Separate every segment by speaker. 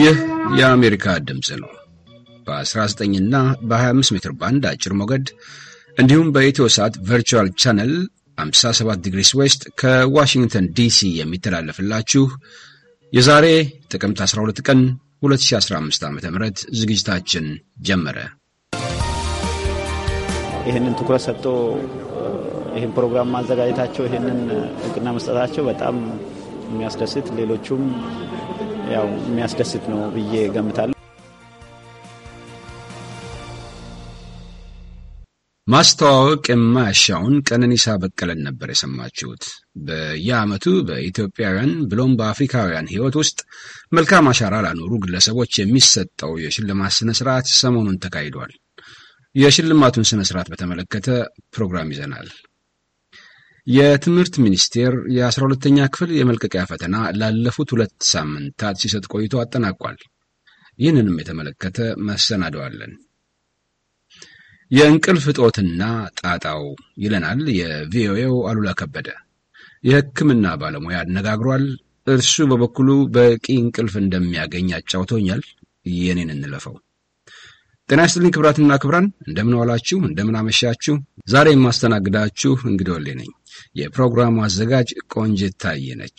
Speaker 1: ይህ የአሜሪካ ድምፅ ነው። በ19 እና በ25 ሜትር ባንድ አጭር ሞገድ እንዲሁም በኢትዮ ሳት ቨርቹዋል ቻነል 57 ዲግሪስ ዌስት ከዋሽንግተን ዲሲ የሚተላለፍላችሁ የዛሬ ጥቅምት 12 ቀን 2015 ዓ ም ዝግጅታችን ጀመረ።
Speaker 2: ይህንን ትኩረት ሰጥቶ ይህን ፕሮግራም ማዘጋጀታቸው፣ ይህንን እውቅና መስጠታቸው በጣም የሚያስደስት ሌሎቹም ያው የሚያስደስት ነው ብዬ ገምታለሁ።
Speaker 1: ማስተዋወቅ የማያሻውን ቀነኒሳ በቀለን ነበር የሰማችሁት። በየዓመቱ በኢትዮጵያውያን ብሎም በአፍሪካውያን ሕይወት ውስጥ መልካም አሻራ ላኖሩ ግለሰቦች የሚሰጠው የሽልማት ስነ ስርዓት ሰሞኑን ተካሂዷል። የሽልማቱን ስነ ስርዓት በተመለከተ ፕሮግራም ይዘናል። የትምህርት ሚኒስቴር የ12ተኛ ክፍል የመልቀቂያ ፈተና ላለፉት ሁለት ሳምንታት ሲሰጥ ቆይቶ አጠናቋል። ይህንንም የተመለከተ መሰናደዋለን። የእንቅልፍ እጦትና ጣጣው ይለናል የቪኦኤው አሉላ ከበደ። የሕክምና ባለሙያ አነጋግሯል። እርሱ በበኩሉ በቂ እንቅልፍ እንደሚያገኝ አጫውቶኛል። የኔን እንለፈው። ጤና ይስጥልኝ ክብራትና ክብራን፣ እንደምን ዋላችሁ፣ እንደምን አመሻችሁ። ዛሬ የማስተናግዳችሁ እንግዳ ነኝ። የፕሮግራሙ አዘጋጅ ቆንጅት ታየ ነች።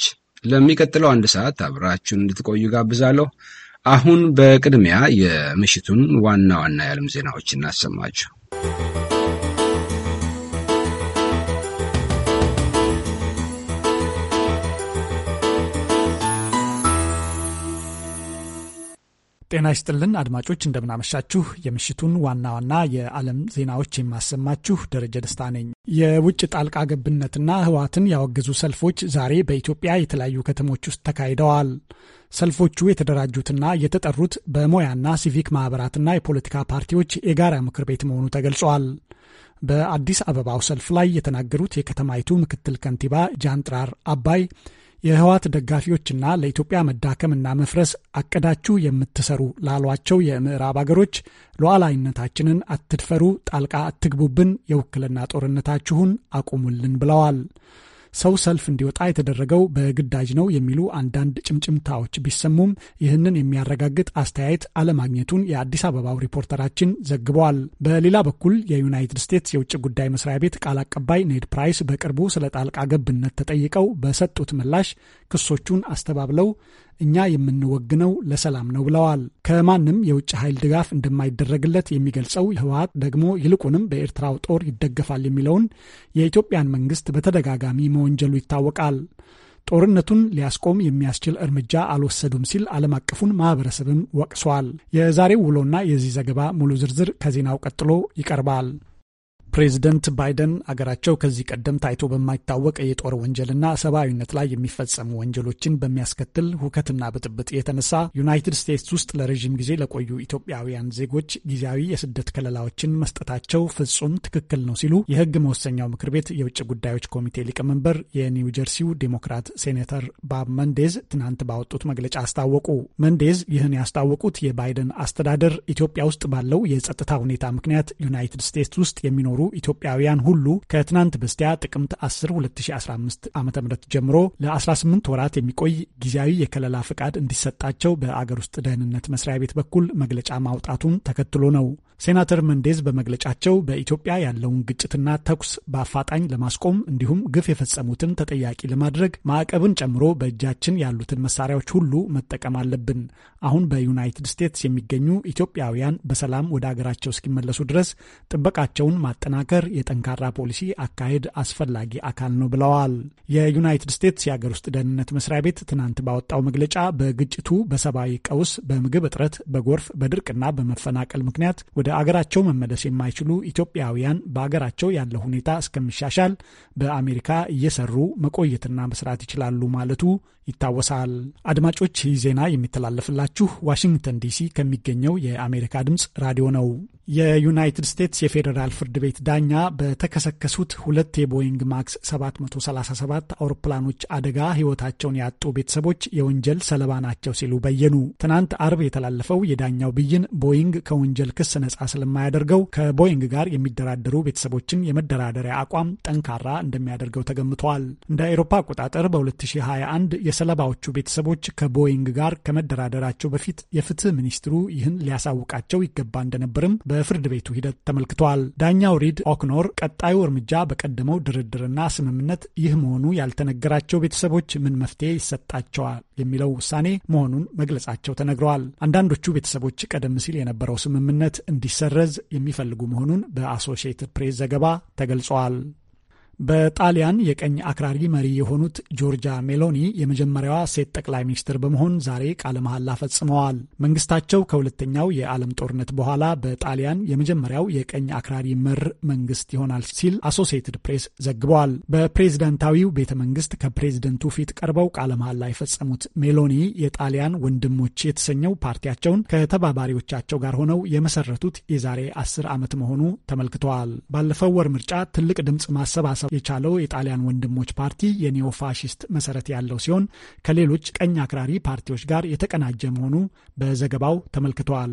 Speaker 1: ለሚቀጥለው አንድ ሰዓት አብራችሁን እንድትቆዩ ጋብዛለሁ። አሁን በቅድሚያ የምሽቱን ዋና ዋና የዓለም ዜናዎች እናሰማችሁ።
Speaker 3: ጤና ይስጥልን አድማጮች፣ እንደምናመሻችሁ። የምሽቱን ዋና ዋና የዓለም ዜናዎች የማሰማችሁ ደረጀ ደስታ ነኝ። የውጭ ጣልቃ ገብነትና ህወሓትን ያወገዙ ሰልፎች ዛሬ በኢትዮጵያ የተለያዩ ከተሞች ውስጥ ተካሂደዋል። ሰልፎቹ የተደራጁትና የተጠሩት በሙያና ሲቪክ ማኅበራትና የፖለቲካ ፓርቲዎች የጋራ ምክር ቤት መሆኑ ተገልጿል። በአዲስ አበባው ሰልፍ ላይ የተናገሩት የከተማይቱ ምክትል ከንቲባ ጃንጥራር አባይ የህወሓት ደጋፊዎችና ለኢትዮጵያ መዳከምና መፍረስ አቅዳችሁ የምትሰሩ ላሏቸው የምዕራብ አገሮች ሉዓላዊነታችንን አትድፈሩ፣ ጣልቃ አትግቡብን፣ የውክልና ጦርነታችሁን አቁሙልን ብለዋል። ሰው ሰልፍ እንዲወጣ የተደረገው በግዳጅ ነው የሚሉ አንዳንድ ጭምጭምታዎች ቢሰሙም ይህንን የሚያረጋግጥ አስተያየት አለማግኘቱን የአዲስ አበባው ሪፖርተራችን ዘግበዋል። በሌላ በኩል የዩናይትድ ስቴትስ የውጭ ጉዳይ መስሪያ ቤት ቃል አቀባይ ኔድ ፕራይስ በቅርቡ ስለ ጣልቃ ገብነት ተጠይቀው በሰጡት ምላሽ ክሶቹን አስተባብለው እኛ የምንወግነው ለሰላም ነው ብለዋል። ከማንም የውጭ ኃይል ድጋፍ እንደማይደረግለት የሚገልጸው ህወሓት ደግሞ ይልቁንም በኤርትራው ጦር ይደገፋል የሚለውን የኢትዮጵያን መንግስት በተደጋጋሚ መወንጀሉ ይታወቃል። ጦርነቱን ሊያስቆም የሚያስችል እርምጃ አልወሰዱም ሲል ዓለም አቀፉን ማህበረሰብም ወቅሷል። የዛሬው ውሎና የዚህ ዘገባ ሙሉ ዝርዝር ከዜናው ቀጥሎ ይቀርባል። ፕሬዚደንት ባይደን አገራቸው ከዚህ ቀደም ታይቶ በማይታወቅ የጦር ወንጀልና ሰብአዊነት ላይ የሚፈጸሙ ወንጀሎችን በሚያስከትል ሁከትና ብጥብጥ የተነሳ ዩናይትድ ስቴትስ ውስጥ ለረዥም ጊዜ ለቆዩ ኢትዮጵያውያን ዜጎች ጊዜያዊ የስደት ከለላዎችን መስጠታቸው ፍጹም ትክክል ነው ሲሉ የህግ መወሰኛው ምክር ቤት የውጭ ጉዳዮች ኮሚቴ ሊቀመንበር የኒው ጀርሲው ዴሞክራት ሴኔተር ባብ መንዴዝ ትናንት ባወጡት መግለጫ አስታወቁ። መንዴዝ ይህን ያስታወቁት የባይደን አስተዳደር ኢትዮጵያ ውስጥ ባለው የጸጥታ ሁኔታ ምክንያት ዩናይትድ ስቴትስ ውስጥ የሚኖሩ ኢትዮጵያውያን ሁሉ ከትናንት በስቲያ ጥቅምት 10 2015 ዓ ም ጀምሮ ለ18 ወራት የሚቆይ ጊዜያዊ የከለላ ፍቃድ እንዲሰጣቸው በአገር ውስጥ ደህንነት መስሪያ ቤት በኩል መግለጫ ማውጣቱን ተከትሎ ነው። ሴናተር መንዴዝ በመግለጫቸው በኢትዮጵያ ያለውን ግጭትና ተኩስ በአፋጣኝ ለማስቆም እንዲሁም ግፍ የፈጸሙትን ተጠያቂ ለማድረግ ማዕቀብን ጨምሮ በእጃችን ያሉትን መሳሪያዎች ሁሉ መጠቀም አለብን። አሁን በዩናይትድ ስቴትስ የሚገኙ ኢትዮጵያውያን በሰላም ወደ አገራቸው እስኪመለሱ ድረስ ጥበቃቸውን ማጠናከር የጠንካራ ፖሊሲ አካሄድ አስፈላጊ አካል ነው ብለዋል። የዩናይትድ ስቴትስ የአገር ውስጥ ደህንነት መስሪያ ቤት ትናንት ባወጣው መግለጫ በግጭቱ በሰብአዊ ቀውስ፣ በምግብ እጥረት፣ በጎርፍ፣ በድርቅና በመፈናቀል ምክንያት ወደ አገራቸው መመለስ የማይችሉ ኢትዮጵያውያን በአገራቸው ያለው ሁኔታ እስከሚሻሻል በአሜሪካ እየሰሩ መቆየትና መስራት ይችላሉ ማለቱ ይታወሳል። አድማጮች ይህ ዜና የሚተላለፍላችሁ ዋሽንግተን ዲሲ ከሚገኘው የአሜሪካ ድምፅ ራዲዮ ነው። የዩናይትድ ስቴትስ የፌዴራል ፍርድ ቤት ዳኛ በተከሰከሱት ሁለት የቦይንግ ማክስ 737 አውሮፕላኖች አደጋ ሕይወታቸውን ያጡ ቤተሰቦች የወንጀል ሰለባ ናቸው ሲሉ በየኑ። ትናንት አርብ የተላለፈው የዳኛው ብይን ቦይንግ ከወንጀል ክስ ነጻ ስለማያደርገው ከቦይንግ ጋር የሚደራደሩ ቤተሰቦችን የመደራደሪያ አቋም ጠንካራ እንደሚያደርገው ተገምተዋል። እንደ አውሮፓ አቆጣጠር በ2021 የሰለባዎቹ ቤተሰቦች ከቦይንግ ጋር ከመደራደራቸው በፊት የፍትህ ሚኒስትሩ ይህን ሊያሳውቃቸው ይገባ እንደነበርም በፍርድ ቤቱ ሂደት ተመልክቷል። ዳኛው ሪድ ኦክኖር ቀጣዩ እርምጃ በቀደመው ድርድርና ስምምነት ይህ መሆኑ ያልተነገራቸው ቤተሰቦች ምን መፍትሄ ይሰጣቸዋል የሚለው ውሳኔ መሆኑን መግለጻቸው ተነግረዋል። አንዳንዶቹ ቤተሰቦች ቀደም ሲል የነበረው ስምምነት እንዲሰረዝ የሚፈልጉ መሆኑን በአሶሺየትድ ፕሬስ ዘገባ ተገልጿል። በጣሊያን የቀኝ አክራሪ መሪ የሆኑት ጆርጃ ሜሎኒ የመጀመሪያዋ ሴት ጠቅላይ ሚኒስትር በመሆን ዛሬ ቃለ መሐላ ፈጽመዋል። መንግስታቸው ከሁለተኛው የዓለም ጦርነት በኋላ በጣሊያን የመጀመሪያው የቀኝ አክራሪ መር መንግስት ይሆናል ሲል አሶሲየትድ ፕሬስ ዘግበዋል። በፕሬዝደንታዊው ቤተ መንግስት ከፕሬዝደንቱ ፊት ቀርበው ቃለ መሐላ የፈጸሙት ሜሎኒ የጣሊያን ወንድሞች የተሰኘው ፓርቲያቸውን ከተባባሪዎቻቸው ጋር ሆነው የመሰረቱት የዛሬ አስር ዓመት መሆኑ ተመልክተዋል። ባለፈው ወር ምርጫ ትልቅ ድምፅ ማሰባሰብ ሊሰበሰብ የቻለው የጣሊያን ወንድሞች ፓርቲ የኒዮ ፋሽስት መሰረት ያለው ሲሆን ከሌሎች ቀኝ አክራሪ ፓርቲዎች ጋር የተቀናጀ መሆኑ በዘገባው ተመልክተዋል።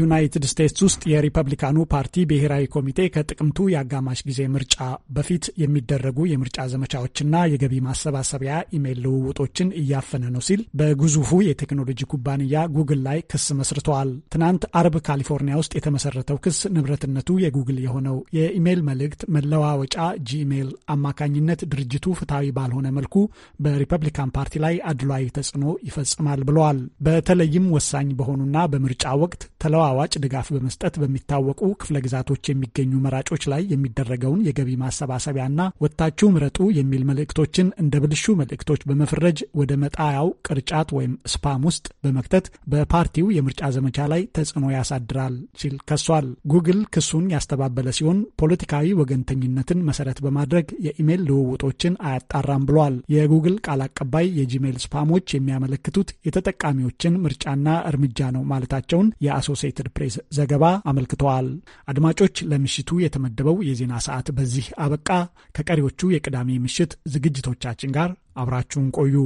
Speaker 3: ዩናይትድ ስቴትስ ውስጥ የሪፐብሊካኑ ፓርቲ ብሔራዊ ኮሚቴ ከጥቅምቱ የአጋማሽ ጊዜ ምርጫ በፊት የሚደረጉ የምርጫ ዘመቻዎችና የገቢ ማሰባሰቢያ ኢሜይል ልውውጦችን እያፈነ ነው ሲል በግዙፉ የቴክኖሎጂ ኩባንያ ጉግል ላይ ክስ መስርተዋል። ትናንት አርብ ካሊፎርኒያ ውስጥ የተመሰረተው ክስ ንብረትነቱ የጉግል የሆነው የኢሜይል መልእክት መለዋወጫ ጂሜል ኢሜይል አማካኝነት ድርጅቱ ፍትሐዊ ባልሆነ መልኩ በሪፐብሊካን ፓርቲ ላይ አድሏዊ ተጽዕኖ ይፈጽማል ብለዋል። በተለይም ወሳኝ በሆኑና በምርጫ ወቅት ተለዋዋጭ ድጋፍ በመስጠት በሚታወቁ ክፍለ ግዛቶች የሚገኙ መራጮች ላይ የሚደረገውን የገቢ ማሰባሰቢያና ወታችው ምረጡ የሚል መልእክቶችን እንደ ብልሹ መልእክቶች በመፍረጅ ወደ መጣያው ቅርጫት ወይም ስፓም ውስጥ በመክተት በፓርቲው የምርጫ ዘመቻ ላይ ተጽዕኖ ያሳድራል ሲል ከሷል። ጉግል ክሱን ያስተባበለ ሲሆን ፖለቲካዊ ወገንተኝነትን መሰረት በማ በማድረግ የኢሜይል ልውውጦችን አያጣራም ብሏል። የጉግል ቃል አቀባይ የጂሜይል ስፓሞች የሚያመለክቱት የተጠቃሚዎችን ምርጫና እርምጃ ነው ማለታቸውን የአሶሴትድ ፕሬስ ዘገባ አመልክተዋል። አድማጮች፣ ለምሽቱ የተመደበው የዜና ሰዓት በዚህ አበቃ። ከቀሪዎቹ የቅዳሜ ምሽት ዝግጅቶቻችን ጋር አብራችሁን ቆዩ።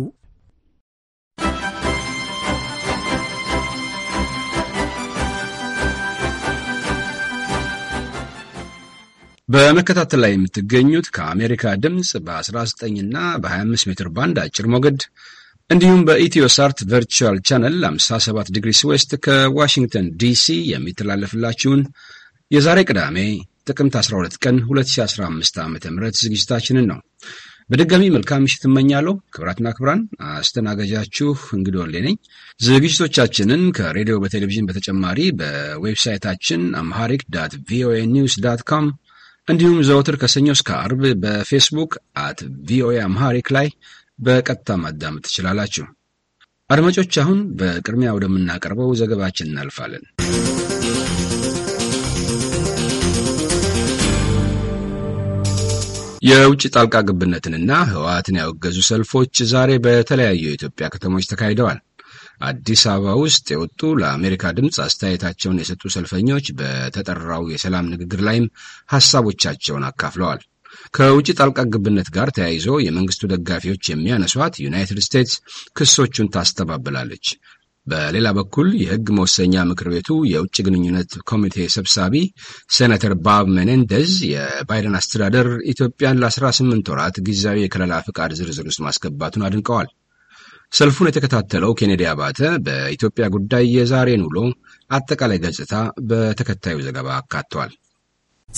Speaker 1: በመከታተል ላይ የምትገኙት ከአሜሪካ ድምፅ በ19 እና በ25 ሜትር ባንድ አጭር ሞገድ እንዲሁም በኢትዮ ሳርት ቨርቹዋል ቻነል 57 ዲግሪ ስዌስት ከዋሽንግተን ዲሲ የሚተላለፍላችሁን የዛሬ ቅዳሜ ጥቅምት 12 ቀን 2015 ዓ ም ዝግጅታችንን ነው። በድጋሚ መልካም ምሽት እመኛለሁ። ክብራትና ክብራን አስተናጋጃችሁ እንግዲህ ወሌ ነኝ። ዝግጅቶቻችንን ከሬዲዮ በቴሌቪዥን በተጨማሪ በዌብሳይታችን አምሃሪክ ዳት ቪኦኤ ኒውስ ዳት ኮም እንዲሁም ዘወትር ከሰኞ እስከ አርብ በፌስቡክ አት ቪኦኤ አምሃሪክ ላይ በቀጥታ ማዳመጥ ትችላላችሁ። አድማጮች፣ አሁን በቅድሚያ ወደምናቀርበው ዘገባችን እናልፋለን። የውጭ ጣልቃ ግብነትንና ህወሓትን ያወገዙ ሰልፎች ዛሬ በተለያዩ የኢትዮጵያ ከተሞች ተካሂደዋል። አዲስ አበባ ውስጥ የወጡ ለአሜሪካ ድምፅ አስተያየታቸውን የሰጡ ሰልፈኞች በተጠራው የሰላም ንግግር ላይም ሀሳቦቻቸውን አካፍለዋል። ከውጭ ጣልቃ ግብነት ጋር ተያይዞ የመንግስቱ ደጋፊዎች የሚያነሷት ዩናይትድ ስቴትስ ክሶቹን ታስተባብላለች። በሌላ በኩል የህግ መወሰኛ ምክር ቤቱ የውጭ ግንኙነት ኮሚቴ ሰብሳቢ ሴናተር ባብ መኔንደዝ የባይደን አስተዳደር ኢትዮጵያን ለ18 ወራት ጊዜያዊ የከለላ ፍቃድ ዝርዝር ውስጥ ማስገባቱን አድንቀዋል። ሰልፉን የተከታተለው ኬኔዲ አባተ በኢትዮጵያ ጉዳይ የዛሬን ውሎ አጠቃላይ ገጽታ በተከታዩ ዘገባ አካቷል።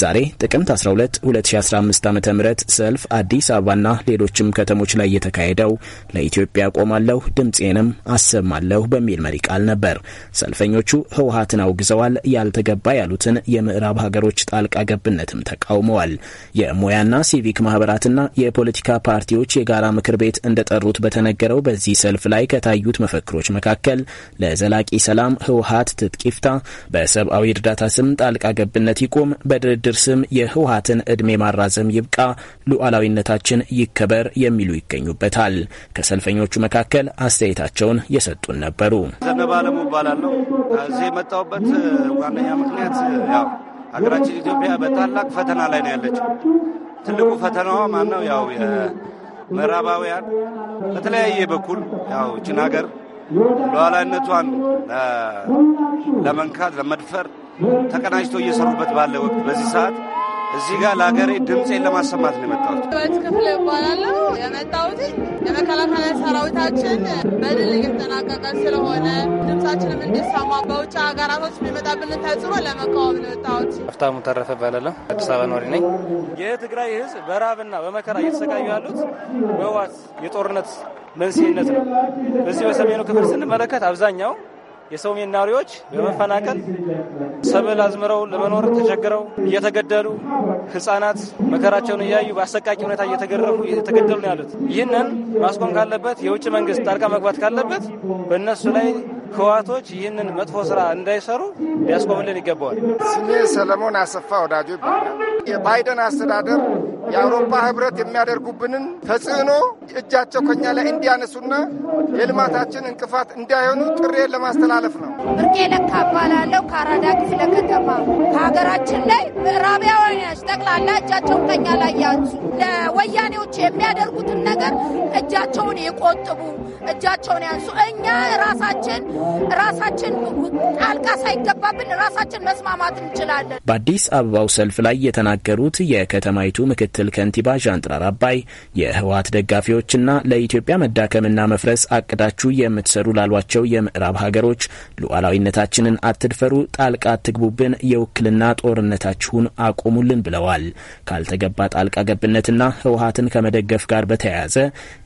Speaker 1: ዛሬ ጥቅምት 12 2015
Speaker 4: ዓ ም ሰልፍ አዲስ አበባና ሌሎችም ከተሞች ላይ የተካሄደው ለኢትዮጵያ ቆማለሁ ድምፄንም አሰማለሁ በሚል መሪ ቃል ነበር። ሰልፈኞቹ ህወሀትን አውግዘዋል፣ ያልተገባ ያሉትን የምዕራብ ሀገሮች ጣልቃ ገብነትም ተቃውመዋል። የሙያና ሲቪክ ማህበራትና የፖለቲካ ፓርቲዎች የጋራ ምክር ቤት እንደጠሩት በተነገረው በዚህ ሰልፍ ላይ ከታዩት መፈክሮች መካከል ለዘላቂ ሰላም ህወሀት ትጥቂፍታ፣ በሰብአዊ እርዳታ ስም ጣልቃ ገብነት ይቁም፣ በድርድ በብድር ስም የህወሀትን ዕድሜ ማራዘም ይብቃ፣ ሉዓላዊነታችን ይከበር የሚሉ ይገኙበታል። ከሰልፈኞቹ መካከል አስተያየታቸውን የሰጡን ነበሩ።
Speaker 2: ዘነበ አለሙ እባላለሁ። እዚህ የመጣሁበት
Speaker 5: ዋነኛ ምክንያት
Speaker 1: ያው ሀገራችን ኢትዮጵያ በታላቅ ፈተና ላይ ነው ያለችው።
Speaker 6: ትልቁ ፈተናዋ ነው? ያው የምዕራባውያን በተለያየ በኩል ያው እችን ሀገር ሉዓላዊነቷን ለመንካት
Speaker 1: ለመድፈር ተቀናጅተው እየሰሩበት ባለ ወቅት በዚህ ሰዓት እዚህ ጋር ለሀገሬ ድምፄን ለማሰማት ነው የመጣሁት።
Speaker 5: በት ክፍል ይባላለሁ። የመጣሁት የመከላከያ ሰራዊታችን በድል እየተጠናቀቀ ስለሆነ ድምፃችንም እንዲሰማ በውጭ ሀገራቶች የሚመጣብን
Speaker 6: ተጽዕኖ ለመቃወም ነው የወጣሁት። ሀብታሙ ተረፈ እባላለሁ። አዲስ አበባ ኖሪ ነኝ። የትግራይ ህዝብ በረሃብና በመከራ እየተሰቃዩ ያሉት በህወሓት የጦርነት መንስኤነት ነው። በዚህ በሰሜኑ ክፍል ስንመለከት አብዛኛው የሰው ናሪዎች በመፈናቀል ሰብል አዝምረው ለመኖር ተቸግረው እየተገደሉ ህጻናት መከራቸውን እያዩ በአሰቃቂ ሁኔታ እየተገረፉ እየተገደሉ ነው ያሉት። ይህንን ማስቆም ካለበት የውጭ መንግስት ጣልቃ መግባት ካለበት በእነሱ ላይ ህወሓቶች ይህንን መጥፎ ስራ እንዳይሰሩ ሊያስቆምልን ይገባዋል።
Speaker 1: ስሜ ሰለሞን አሰፋ ወዳጆ ይባላል። የባይደን አስተዳደር የአውሮፓ ህብረት የሚያደርጉብንን ተጽዕኖ እጃቸው ከኛ ላይ እንዲያነሱና
Speaker 7: የልማታችን እንቅፋት እንዳይሆኑ ጥሬን ለማስተላለፍ ነው። ብርቄ ለካ እባላለሁ ከአራዳ ክፍለ ከተማ። ከሀገራችን ላይ ምዕራባውያኖች ጠቅላላ እጃቸውን ከኛ ላይ ያንሱ፣ ለወያኔዎች የሚያደርጉትን ነገር እጃቸውን ይቆጥቡ፣ እጃቸውን ያንሱ። እኛ ራሳችን ራሳችን ጣልቃ ሳይገባብን
Speaker 8: ራሳችን መስማማት እንችላለን።
Speaker 4: በአዲስ አበባው ሰልፍ ላይ የተናገሩት የከተማይቱ ምክትል ከንቲባ ዣንጥራር አባይ የህወሀት ደጋፊዎችና ለኢትዮጵያ መዳከምና መፍረስ አቅዳችሁ የምትሰሩ ላሏቸው የምዕራብ ሀገሮች ሉዓላዊነታችንን አትድፈሩ፣ ጣልቃ አትግቡብን፣ የውክልና ጦርነታችሁን አቁሙልን ብለዋል። ካልተገባ ጣልቃ ገብነትና ህወሀትን ከመደገፍ ጋር በተያያዘ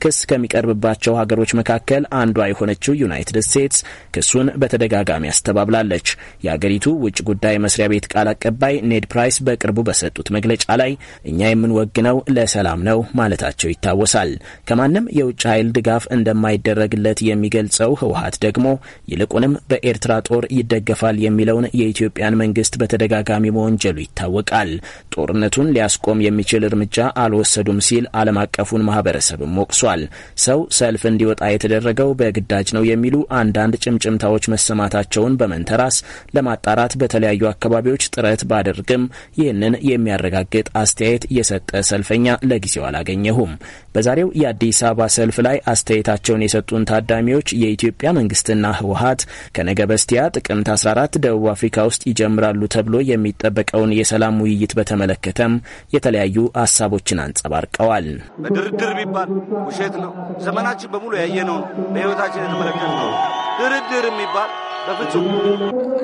Speaker 4: ክስ ከሚቀርብባቸው ሀገሮች መካከል አንዷ የሆነችው ዩናይትድ ስቴትስ ክሱን በተደጋጋሚ አስተባብላለች። የአገሪቱ ውጭ ጉዳይ መስሪያ ቤት ቃል አቀባይ ኔድ ፕራይስ በቅርቡ በሰጡት መግለጫ ላይ እኛ የምንወግነው ለሰላም ነው ማለታቸው ይታወሳል። ከማንም የውጭ ኃይል ድጋፍ እንደማይደረግለት የሚገልጸው ህወሀት ደግሞ ይልቁንም በኤርትራ ጦር ይደገፋል የሚለውን የኢትዮጵያን መንግስት በተደጋጋሚ መወንጀሉ ይታወቃል። ጦርነቱን ሊያስቆም የሚችል እርምጃ አልወሰዱም ሲል ዓለም አቀፉን ማህበረሰብም ወቅሷል። ሰው ሰልፍ እንዲወጣ የተደረገው በግዳጅ ነው የሚሉ አንዳንድ ጭምጭ ጭምታዎች መሰማታቸውን በመንተራስ ለማጣራት በተለያዩ አካባቢዎች ጥረት ባደርግም ይህንን የሚያረጋግጥ አስተያየት የሰጠ ሰልፈኛ ለጊዜው አላገኘሁም። በዛሬው የአዲስ አበባ ሰልፍ ላይ አስተያየታቸውን የሰጡን ታዳሚዎች የኢትዮጵያ መንግስትና ህወሀት ከነገ በስቲያ ጥቅምት 14 ደቡብ አፍሪካ ውስጥ ይጀምራሉ ተብሎ የሚጠበቀውን የሰላም ውይይት በተመለከተም የተለያዩ ሀሳቦችን አንጸባርቀዋል።
Speaker 2: ድርድር ቢባል ውሸት ነው። ዘመናችን በሙሉ ያየነው ነው። በህይወታችን የተመለከት ነው። ድርድር የሚባል በፍጹም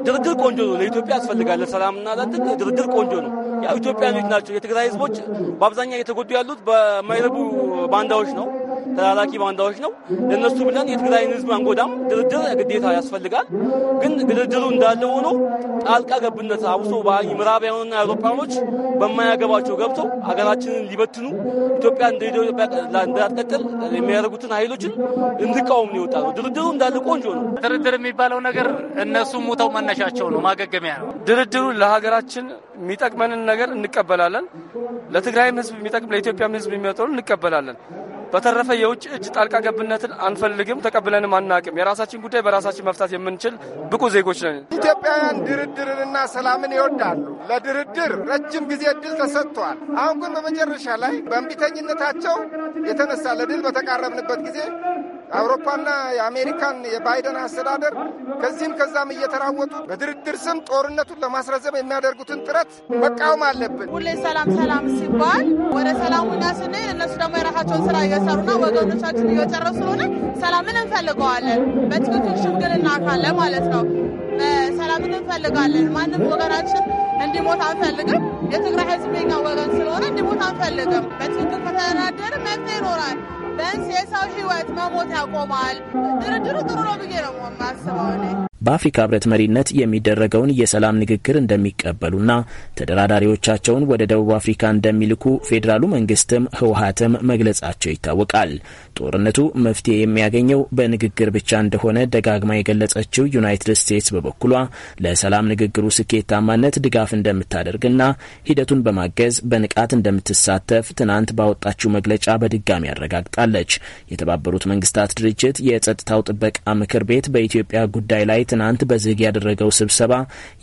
Speaker 2: ድርድር ቆንጆ ነው።
Speaker 9: ለኢትዮጵያ ያስፈልጋል። ለሰላምና ለትግ ድርድር ቆንጆ ነው። ያው ኢትዮጵያኖች ናቸው። የትግራይ ህዝቦች በአብዛኛው እየተጎዱ ያሉት በማይረቡ ባንዳዎች ነው። ተላላኪ ባንዳዎች ነው። ለእነሱ ብለን የትግራይን ህዝብ አንጎዳም። ድርድር ግዴታ ያስፈልጋል። ግን ድርድሩ እንዳለ ሆኖ ጣልቃ ገብነት አብሶ ምዕራባውያንና አውሮፓኖች በማያገባቸው ገብተው ሀገራችንን ሊበትኑ ኢትዮጵያ እንደ ኢትዮጵያ እንዳትቀጥል የሚያደርጉትን ኃይሎችን እንድቃወም ነው የወጣ ነው። ድርድሩ እንዳለ ቆንጆ ነው። ድርድር የሚባለው ነገር እነሱ ሙተው መነሻቸው ነው፣
Speaker 6: ማገገሚያ ነው።
Speaker 1: ድርድሩ ለሀገራችን የሚጠቅመንን ነገር እንቀበላለን። ለትግራይም ህዝብ የሚጠቅም ለኢትዮጵያም ህዝብ የሚወጠውን እንቀበላለን። በተረፈ የውጭ እጅ ጣልቃ ገብነትን አንፈልግም፣ ተቀብለንም አናቅም። የራሳችን ጉዳይ በራሳችን መፍታት የምንችል ብቁ ዜጎች ነን። ኢትዮጵያውያን ድርድርንና ሰላምን ይወዳሉ። ለድርድር ረጅም ጊዜ እድል ተሰጥቷል። አሁን ግን በመጨረሻ ላይ በእምቢተኝነታቸው የተነሳ ለድል በተቃረብንበት ጊዜ አውሮፓና የአሜሪካን የባይደን አስተዳደር ከዚህም ከዛም እየተራወጡ በድርድር ስም ጦርነቱን ለማስረዘም የሚያደርጉትን ጥረት መቃወም አለብን። ሁሌ ሰላም ሰላም ሲባል ወደ ሰላሙኛ
Speaker 5: ስንል እነሱ ደግሞ የራሳቸውን ስራ እየሰሩና ወገኖቻችን እየጨረሱ ስለሆነ ሰላምን እንፈልገዋለን። በትክክል ሽምግልና ካለ ማለት ነው። ሰላምን እንፈልጋለን። ማንም ወገናችን እንዲሞት አንፈልግም። የትግራይ ህዝብ የኛ ወገን ስለሆነ እንዲሞት አንፈልግም። በትክክል ከተናደርም መፍትሄ ይኖራል። من سیست و از مموت ها در رو بگیرم و
Speaker 4: በአፍሪካ ህብረት መሪነት የሚደረገውን የሰላም ንግግር እንደሚቀበሉና ተደራዳሪዎቻቸውን ወደ ደቡብ አፍሪካ እንደሚልኩ ፌዴራሉ መንግስትም ህወሀትም መግለጻቸው ይታወቃል። ጦርነቱ መፍትሄ የሚያገኘው በንግግር ብቻ እንደሆነ ደጋግማ የገለጸችው ዩናይትድ ስቴትስ በበኩሏ ለሰላም ንግግሩ ስኬታማነት ድጋፍ እንደምታደርግና ሂደቱን በማገዝ በንቃት እንደምትሳተፍ ትናንት ባወጣችው መግለጫ በድጋሚ አረጋግጣለች። የተባበሩት መንግስታት ድርጅት የጸጥታው ጥበቃ ምክር ቤት በኢትዮጵያ ጉዳይ ላይ ትናንት በዝግ ያደረገው ስብሰባ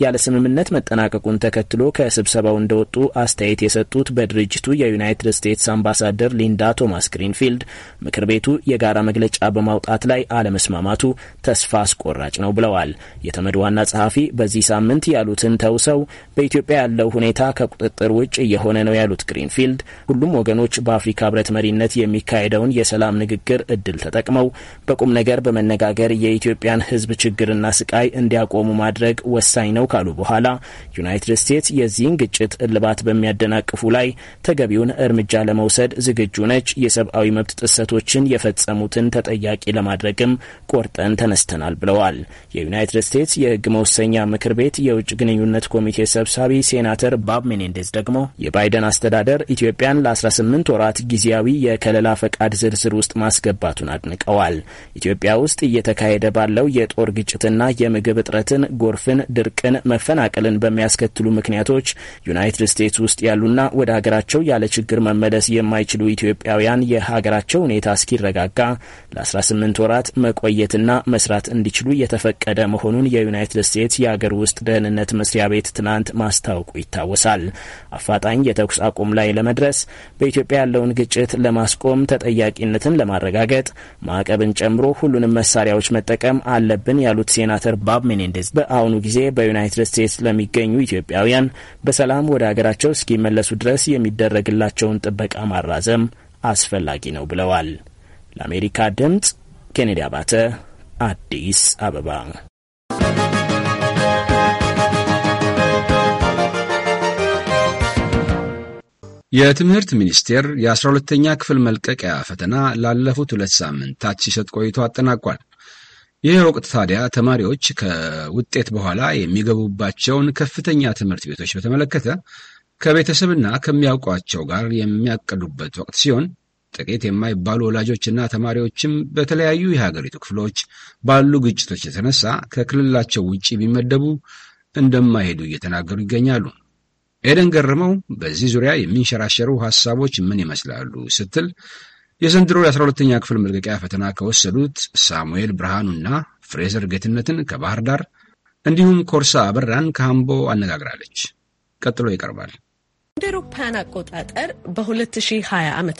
Speaker 4: ያለ ስምምነት መጠናቀቁን ተከትሎ ከስብሰባው እንደወጡ አስተያየት የሰጡት በድርጅቱ የዩናይትድ ስቴትስ አምባሳደር ሊንዳ ቶማስ ግሪንፊልድ ምክር ቤቱ የጋራ መግለጫ በማውጣት ላይ አለመስማማቱ ተስፋ አስቆራጭ ነው ብለዋል። የተመድ ዋና ጸሐፊ በዚህ ሳምንት ያሉትን ተውሰው በኢትዮጵያ ያለው ሁኔታ ከቁጥጥር ውጭ እየሆነ ነው ያሉት ግሪንፊልድ ሁሉም ወገኖች በአፍሪካ ህብረት መሪነት የሚካሄደውን የሰላም ንግግር እድል ተጠቅመው በቁም ነገር በመነጋገር የኢትዮጵያን ህዝብ ችግርና ስቃይ እንዲያቆሙ ማድረግ ወሳኝ ነው ካሉ በኋላ ዩናይትድ ስቴትስ የዚህን ግጭት እልባት በሚያደናቅፉ ላይ ተገቢውን እርምጃ ለመውሰድ ዝግጁ ነች፣ የሰብአዊ መብት ጥሰቶችን የፈጸሙትን ተጠያቂ ለማድረግም ቆርጠን ተነስተናል ብለዋል። የዩናይትድ ስቴትስ የሕግ መወሰኛ ምክር ቤት የውጭ ግንኙነት ኮሚቴ ሰብሳቢ ሴናተር ባብ ሜኔንዴዝ ደግሞ የባይደን አስተዳደር ኢትዮጵያን ለ18 ወራት ጊዜያዊ የከለላ ፈቃድ ዝርዝር ውስጥ ማስገባቱን አድንቀዋል። ኢትዮጵያ ውስጥ እየተካሄደ ባለው የጦር ግጭትና የምግብ እጥረትን፣ ጎርፍን፣ ድርቅን፣ መፈናቀልን በሚያስከትሉ ምክንያቶች ዩናይትድ ስቴትስ ውስጥ ያሉና ወደ ሀገራቸው ያለ ችግር መመለስ የማይችሉ ኢትዮጵያውያን የሀገራቸው ሁኔታ እስኪረጋጋ ለ18 ወራት መቆየትና መስራት እንዲችሉ የተፈቀደ መሆኑን የዩናይትድ ስቴትስ የሀገር ውስጥ ደህንነት መስሪያ ቤት ትናንት ማስታወቁ ይታወሳል። አፋጣኝ የተኩስ አቁም ላይ ለመድረስ በኢትዮጵያ ያለውን ግጭት ለማስቆም ተጠያቂነትን ለማረጋገጥ ማዕቀብን ጨምሮ ሁሉንም መሳሪያዎች መጠቀም አለብን ያሉት ሴና ሴናተር ባብ ሜኔንዴዝ በአሁኑ ጊዜ በዩናይትድ ስቴትስ ለሚገኙ ኢትዮጵያውያን በሰላም ወደ ሀገራቸው እስኪመለሱ ድረስ የሚደረግላቸውን ጥበቃ ማራዘም አስፈላጊ ነው ብለዋል። ለአሜሪካ ድምፅ ኬኔዲ አባተ አዲስ አበባ።
Speaker 1: የትምህርት ሚኒስቴር የ12ተኛ ክፍል መልቀቂያ ፈተና ላለፉት ሁለት ሳምንታት ሲሰጥ ቆይቶ አጠናቋል። ይህ ወቅት ታዲያ ተማሪዎች ከውጤት በኋላ የሚገቡባቸውን ከፍተኛ ትምህርት ቤቶች በተመለከተ ከቤተሰብና ከሚያውቋቸው ጋር የሚያቀዱበት ወቅት ሲሆን ጥቂት የማይባሉ ወላጆችና ተማሪዎችም በተለያዩ የሀገሪቱ ክፍሎች ባሉ ግጭቶች የተነሳ ከክልላቸው ውጭ ቢመደቡ እንደማይሄዱ እየተናገሩ ይገኛሉ። ኤደን ገርመው በዚህ ዙሪያ የሚንሸራሸሩ ሀሳቦች ምን ይመስላሉ ስትል የዘንድሮ የ12ኛ ክፍል መልቀቂያ ፈተና ከወሰዱት ሳሙኤል ብርሃኑና ፍሬዘር ጌትነትን ከባህር ዳር እንዲሁም ኮርሳ አበራን ከአምቦ አነጋግራለች። ቀጥሎ ይቀርባል።
Speaker 10: እንደ አውሮፓውያን አቆጣጠር በ2020 ዓ ም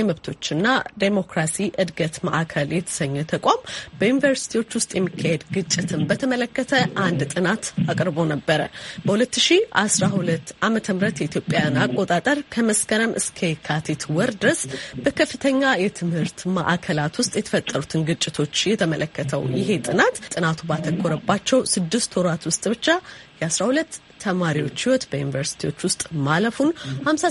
Speaker 10: የመብቶችና ዴሞክራሲ እድገት ማዕከል የተሰኘ ተቋም በዩኒቨርሲቲዎች ውስጥ የሚካሄድ ግጭትን በተመለከተ አንድ ጥናት አቅርቦ ነበረ። በ2012 ዓ ም የኢትዮጵያን አቆጣጠር ከመስከረም እስከ የካቲት ወር ድረስ በከፍተኛ የትምህርት ማዕከላት ውስጥ የተፈጠሩትን ግጭቶች የተመለከተው ይሄ ጥናት ጥናቱ ባተኮረባቸው ስድስት ወራት ውስጥ ብቻ የአስራሁለት ተማሪዎች ህይወት በዩኒቨርሲቲዎች ውስጥ ማለፉን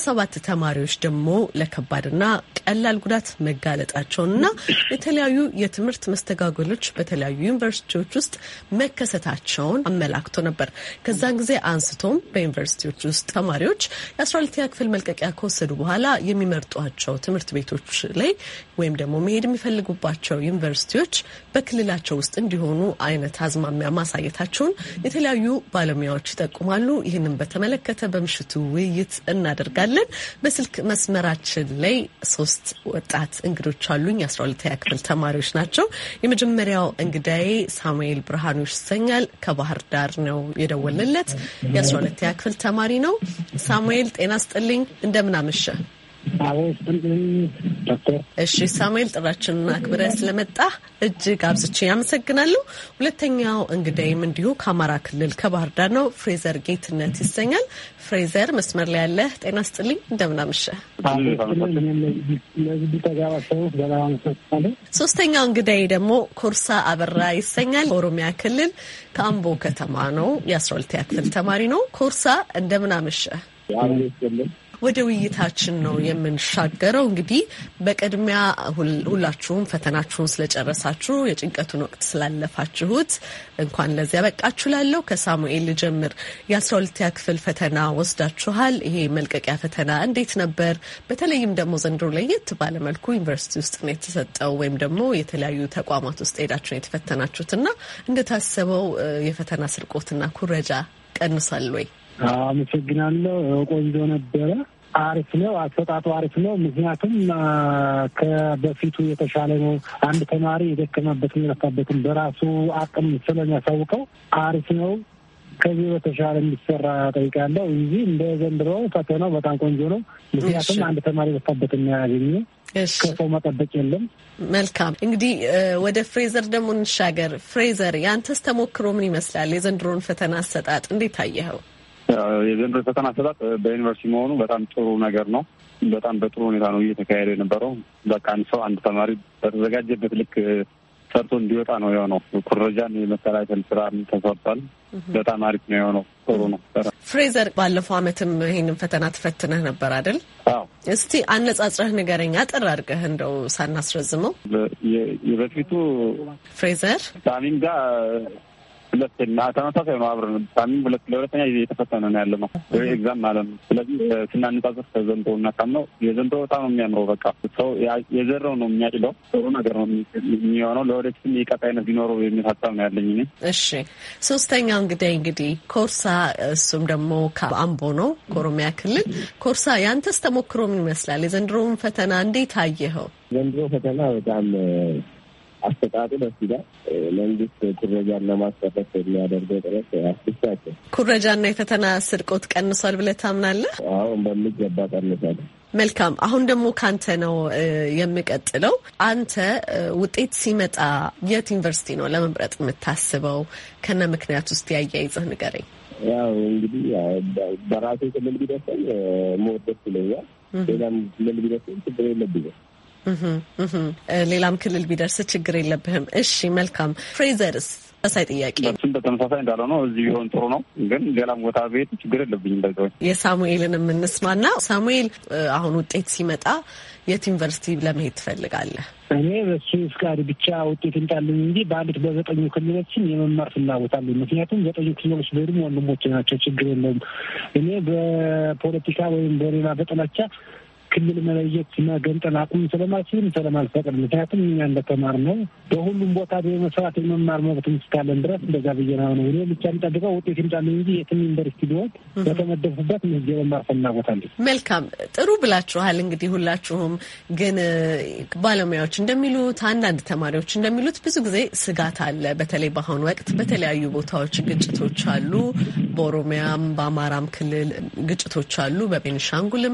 Speaker 10: ሰባት ተማሪዎች ደግሞ ለከባድና ቀላል ጉዳት መጋለጣቸውንና የተለያዩ የትምህርት መስተጓጎሎች በተለያዩ ዩኒቨርሲቲዎች ውስጥ መከሰታቸውን አመላክቶ ነበር። ከዛን ጊዜ አንስቶም በዩኒቨርሲቲዎች ውስጥ ተማሪዎች የ12ኛ ክፍል መልቀቂያ ከወሰዱ በኋላ የሚመርጧቸው ትምህርት ቤቶች ላይ ወይም ደግሞ መሄድ የሚፈልጉባቸው ዩኒቨርሲቲዎች በክልላቸው ውስጥ እንዲሆኑ አይነት አዝማሚያ ማሳየታቸውን የተለያዩ ባለ ባለሙያዎች ይጠቁማሉ። ይህንን በተመለከተ በምሽቱ ውይይት እናደርጋለን። በስልክ መስመራችን ላይ ሶስት ወጣት እንግዶች አሉኝ። የአስራ ሁለተኛ ክፍል ተማሪዎች ናቸው። የመጀመሪያው እንግዳዬ ሳሙኤል ብርሃኑ ይሰኛል። ከባህር ዳር ነው የደወልንለት። የአስራ ሁለተኛ ክፍል ተማሪ ነው። ሳሙኤል ጤና ስጥልኝ፣ እንደምን አመሸ? እሺ ሳሙኤል፣ ጥራችንን አክብረ ስለመጣ እጅግ አብዝቼ ያመሰግናለሁ። ሁለተኛው እንግዳይም እንዲሁ ከአማራ ክልል ከባህር ዳር ነው። ፍሬዘር ጌትነት ይሰኛል። ፍሬዘር መስመር ላይ ያለ ጤና ስጥልኝ፣ እንደምናምሸ። ሶስተኛው እንግዳይ ደግሞ ኮርሳ አበራ ይሰኛል። ኦሮሚያ ክልል ከአምቦ ከተማ ነው። የአስራ ሁለተኛ ክፍል ተማሪ ነው። ኮርሳ እንደምናምሸ ወደ ውይይታችን ነው የምንሻገረው። እንግዲህ በቅድሚያ ሁላችሁም ፈተናችሁን ስለጨረሳችሁ የጭንቀቱን ወቅት ስላለፋችሁት እንኳን ለዚያ በቃችሁ። ላለው ከሳሙኤል ልጀምር። የአስራ ሁለተኛ ክፍል ፈተና ወስዳችኋል። ይሄ መልቀቂያ ፈተና እንዴት ነበር? በተለይም ደግሞ ዘንድሮ ለየት ባለመልኩ ዩኒቨርሲቲ ውስጥ ነው የተሰጠው ወይም ደግሞ የተለያዩ ተቋማት ውስጥ ሄዳችሁ ነው የተፈተናችሁት እና እንደታሰበው የፈተና ስርቆትና ኩረጃ ቀንሳል ወይ?
Speaker 11: አመሰግናለሁ። ቆንጆ ነበረ። አሪፍ ነው። አሰጣጡ አሪፍ ነው። ምክንያቱም ከበፊቱ የተሻለ ነው። አንድ ተማሪ የደከመበትን የሚረካበትን በራሱ አቅም ስለሚያሳውቀው አሪፍ ነው። ከዚህ በተሻለ እንዲሰራ ጠይቃለሁ እንጂ እንደ ዘንድሮ ፈተናው በጣም ቆንጆ ነው። ምክንያቱም አንድ ተማሪ የረካበት የሚያገኘ ከሰው መጠበቅ የለም።
Speaker 10: መልካም እንግዲህ ወደ ፍሬዘር ደግሞ እንሻገር። ፍሬዘር፣ ያንተስ ተሞክሮ ምን ይመስላል? የዘንድሮን ፈተና አሰጣጥ እንዴት ታየኸው?
Speaker 5: የዘንድሮ ፈተና አሰጣጥ በዩኒቨርሲቲ መሆኑ በጣም ጥሩ ነገር ነው። በጣም በጥሩ ሁኔታ ነው እየተካሄደ የነበረው። በቃ አንድ ሰው አንድ ተማሪ በተዘጋጀበት ልክ ሰርቶ እንዲወጣ ነው የሆነው። ኩረጃን የመከላከል ስራ ተሰርቷል። በጣም አሪፍ ነው የሆነው። ጥሩ ነው።
Speaker 10: ፍሬዘር፣ ባለፈው አመትም ይህንን ፈተና ትፈትነህ ነበር አይደል? አዎ። እስቲ አነጻጽረህ ንገረኝ፣ አጠር አድርገህ እንደው ሳናስረዝመው።
Speaker 5: የበፊቱ ፍሬዘር ታሚም ጋር ሁለትና ተመሳሳይ ነው። አብረን ሳሚም ሁለት ለሁለተኛ ጊዜ የተፈተነ ነው ያለ ነው ኤግዛም ማለት ነው። ስለዚህ ስናነጻጽር ከዘንድሮ እናካም ነው የዘንድሮ በጣም ነው የሚያምረው። በቃ ሰው የዘረው ነው የሚያጭለው። ጥሩ ነገር ነው የሚሆነው። ለወደፊትም የቀጣይነት ቢኖረው የሚል ሀሳብ ነው ያለኝ እኔ።
Speaker 10: እሺ ሶስተኛው እንግዲህ እንግዲህ ኮርሳ እሱም ደግሞ ከአምቦ ነው ከኦሮሚያ ክልል ኮርሳ። ያንተስ ተሞክሮ ምን ይመስላል? የዘንድሮውን ፈተና እንዴት አየኸው?
Speaker 12: ዘንድሮ ፈተና በጣም አሰጣጡ ደስ ይላል። መንግስት ኩረጃን ለማስቀረት የሚያደርገው ጥረት አስቻቸው
Speaker 10: ኩረጃና የፈተና ስርቆት ቀንሷል ብለህ ታምናለህ?
Speaker 12: አሁን በሚገባ ቀንሷል።
Speaker 10: መልካም። አሁን ደግሞ ከአንተ ነው የምቀጥለው። አንተ ውጤት ሲመጣ የት ዩኒቨርሲቲ ነው ለመምረጥ የምታስበው? ከነ ምክንያት ውስጥ ያያይዘህ ንገረኝ።
Speaker 5: ያው
Speaker 12: እንግዲህ በራሴ ክልል ቢደርሰኝ ሞወደስ ይለኛል። ሌላም ክልል
Speaker 5: ቢደርሰኝ ችግር የለብኝም
Speaker 10: ሌላም ክልል ቢደርስ ችግር የለብህም። እሺ መልካም። ፍሬዘርስ ተመሳሳይ ጥያቄ እሱም
Speaker 5: በተመሳሳይ ነው። እዚህ ቢሆን ጥሩ ነው፣ ግን ሌላም ቦታ ቤት ችግር የለብኝም። በዚ
Speaker 10: የሳሙኤልን የምንስማና ሳሙኤል አሁን ውጤት ሲመጣ የት ዩኒቨርሲቲ ለመሄድ ትፈልጋለህ?
Speaker 11: እኔ በሱ ፍቃድ ብቻ ውጤት ይምጣልኝ እንጂ በአንድ በዘጠኙ ክልሎችን የመማር ፍላጎት አለኝ። ምክንያቱም ዘጠኙ ክልሎች በሄድም ወንድሞች ናቸው፣ ችግር የለውም። እኔ በፖለቲካ ወይም በሌላ በጥላቻ ክልል መለየት እና ገንጠል አቁም ስለማልችልም ስለማልፈቅድ፣ ምክንያቱም እኛ እንደተማር ነው በሁሉም ቦታ በመስራት የመማር መብት እስካለን ድረስ እንደዛ ብየና ነው እኔ ብቻ የሚጠብቀው ውጤት ይምጣልኝ እንጂ የትም ዩኒቨርሲቲ ቢሆን በተመደፉበት ምዝ የመማር ፍላጎት አለ።
Speaker 10: መልካም ጥሩ ብላችኋል። እንግዲህ ሁላችሁም ግን ባለሙያዎች እንደሚሉት አንዳንድ ተማሪዎች እንደሚሉት ብዙ ጊዜ ስጋት አለ። በተለይ በአሁኑ ወቅት በተለያዩ ቦታዎች ግጭቶች አሉ። በኦሮሚያም በአማራም ክልል ግጭቶች አሉ። በቤንሻንጉልም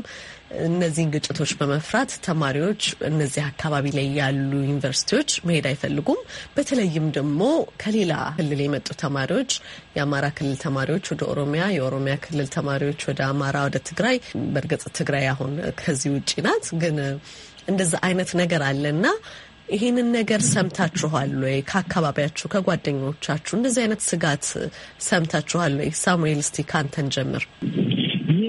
Speaker 10: እነዚህን ግጭቶች በመፍራት ተማሪዎች እነዚህ አካባቢ ላይ ያሉ ዩኒቨርሲቲዎች መሄድ አይፈልጉም። በተለይም ደግሞ ከሌላ ክልል የመጡ ተማሪዎች የአማራ ክልል ተማሪዎች ወደ ኦሮሚያ፣ የኦሮሚያ ክልል ተማሪዎች ወደ አማራ፣ ወደ ትግራይ። በእርግጥ ትግራይ አሁን ከዚህ ውጭ ናት፣ ግን እንደዛ አይነት ነገር አለና ይህንን ነገር ሰምታችኋል ወይ? ከአካባቢያችሁ ከጓደኞቻችሁ እንደዚህ አይነት ስጋት ሰምታችኋል ወይ? ሳሙኤል እስቲ ከአንተን ጀምር።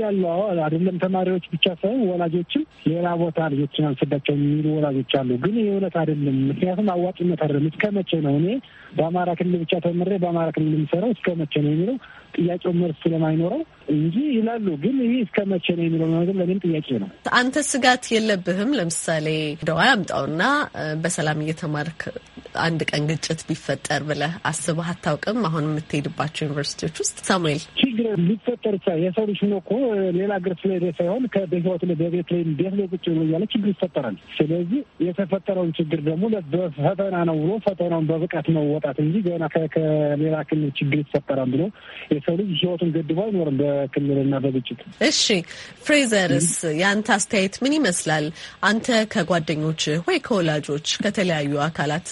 Speaker 11: ያሉ አይደለም ተማሪዎች ብቻ ሳይሆን ወላጆችም ሌላ ቦታ ልጆችን አንስዳቸው የሚሉ ወላጆች አሉ። ግን ይህ እውነት አይደለም። ምክንያቱም አዋጭነት አይደለም። እስከ መቼ ነው እኔ በአማራ ክልል ብቻ ተምሬ በአማራ ክልል የምሰራው እስከ መቼ ነው የሚለው ጥያቄው መልስ
Speaker 10: ስለማይኖረው እንጂ
Speaker 11: ይላሉ። ግን ይህ እስከ መቼ ነው የሚለው ነገር ለእኔም ጥያቄ ነው።
Speaker 10: አንተ ስጋት የለብህም? ለምሳሌ ደዋ ያምጣውና በሰላም እየተማርክ አንድ ቀን ግጭት ቢፈጠር ብለህ አስበህ አታውቅም? አሁን የምትሄድባቸው ዩኒቨርሲቲዎች ውስጥ ሳሙኤል፣ ችግር
Speaker 11: ሊፈጠር ይችላል። የሰው ልጅ ነው እኮ ሌላ ሀገር ስለሄደ ሳይሆን ከበህይወት በቤት ላይ ቤት ላይ ቁጭ ብሎ እያለ ችግር ይፈጠራል። ስለዚህ የተፈጠረውን ችግር ደግሞ ፈተና ነው ብሎ ፈተናውን በብቃት መወጣት እንጂ ገና ከሌላ ክልል ችግር ይፈጠራል ብሎ የሰው ልጅ ህይወቱን ገድቦ አይኖርም በክልልና በግጭት።
Speaker 10: እሺ ፍሬዘርስ፣ የአንተ አስተያየት ምን ይመስላል? አንተ ከጓደኞች ወይ ከወላጆች ከተለያዩ አካላት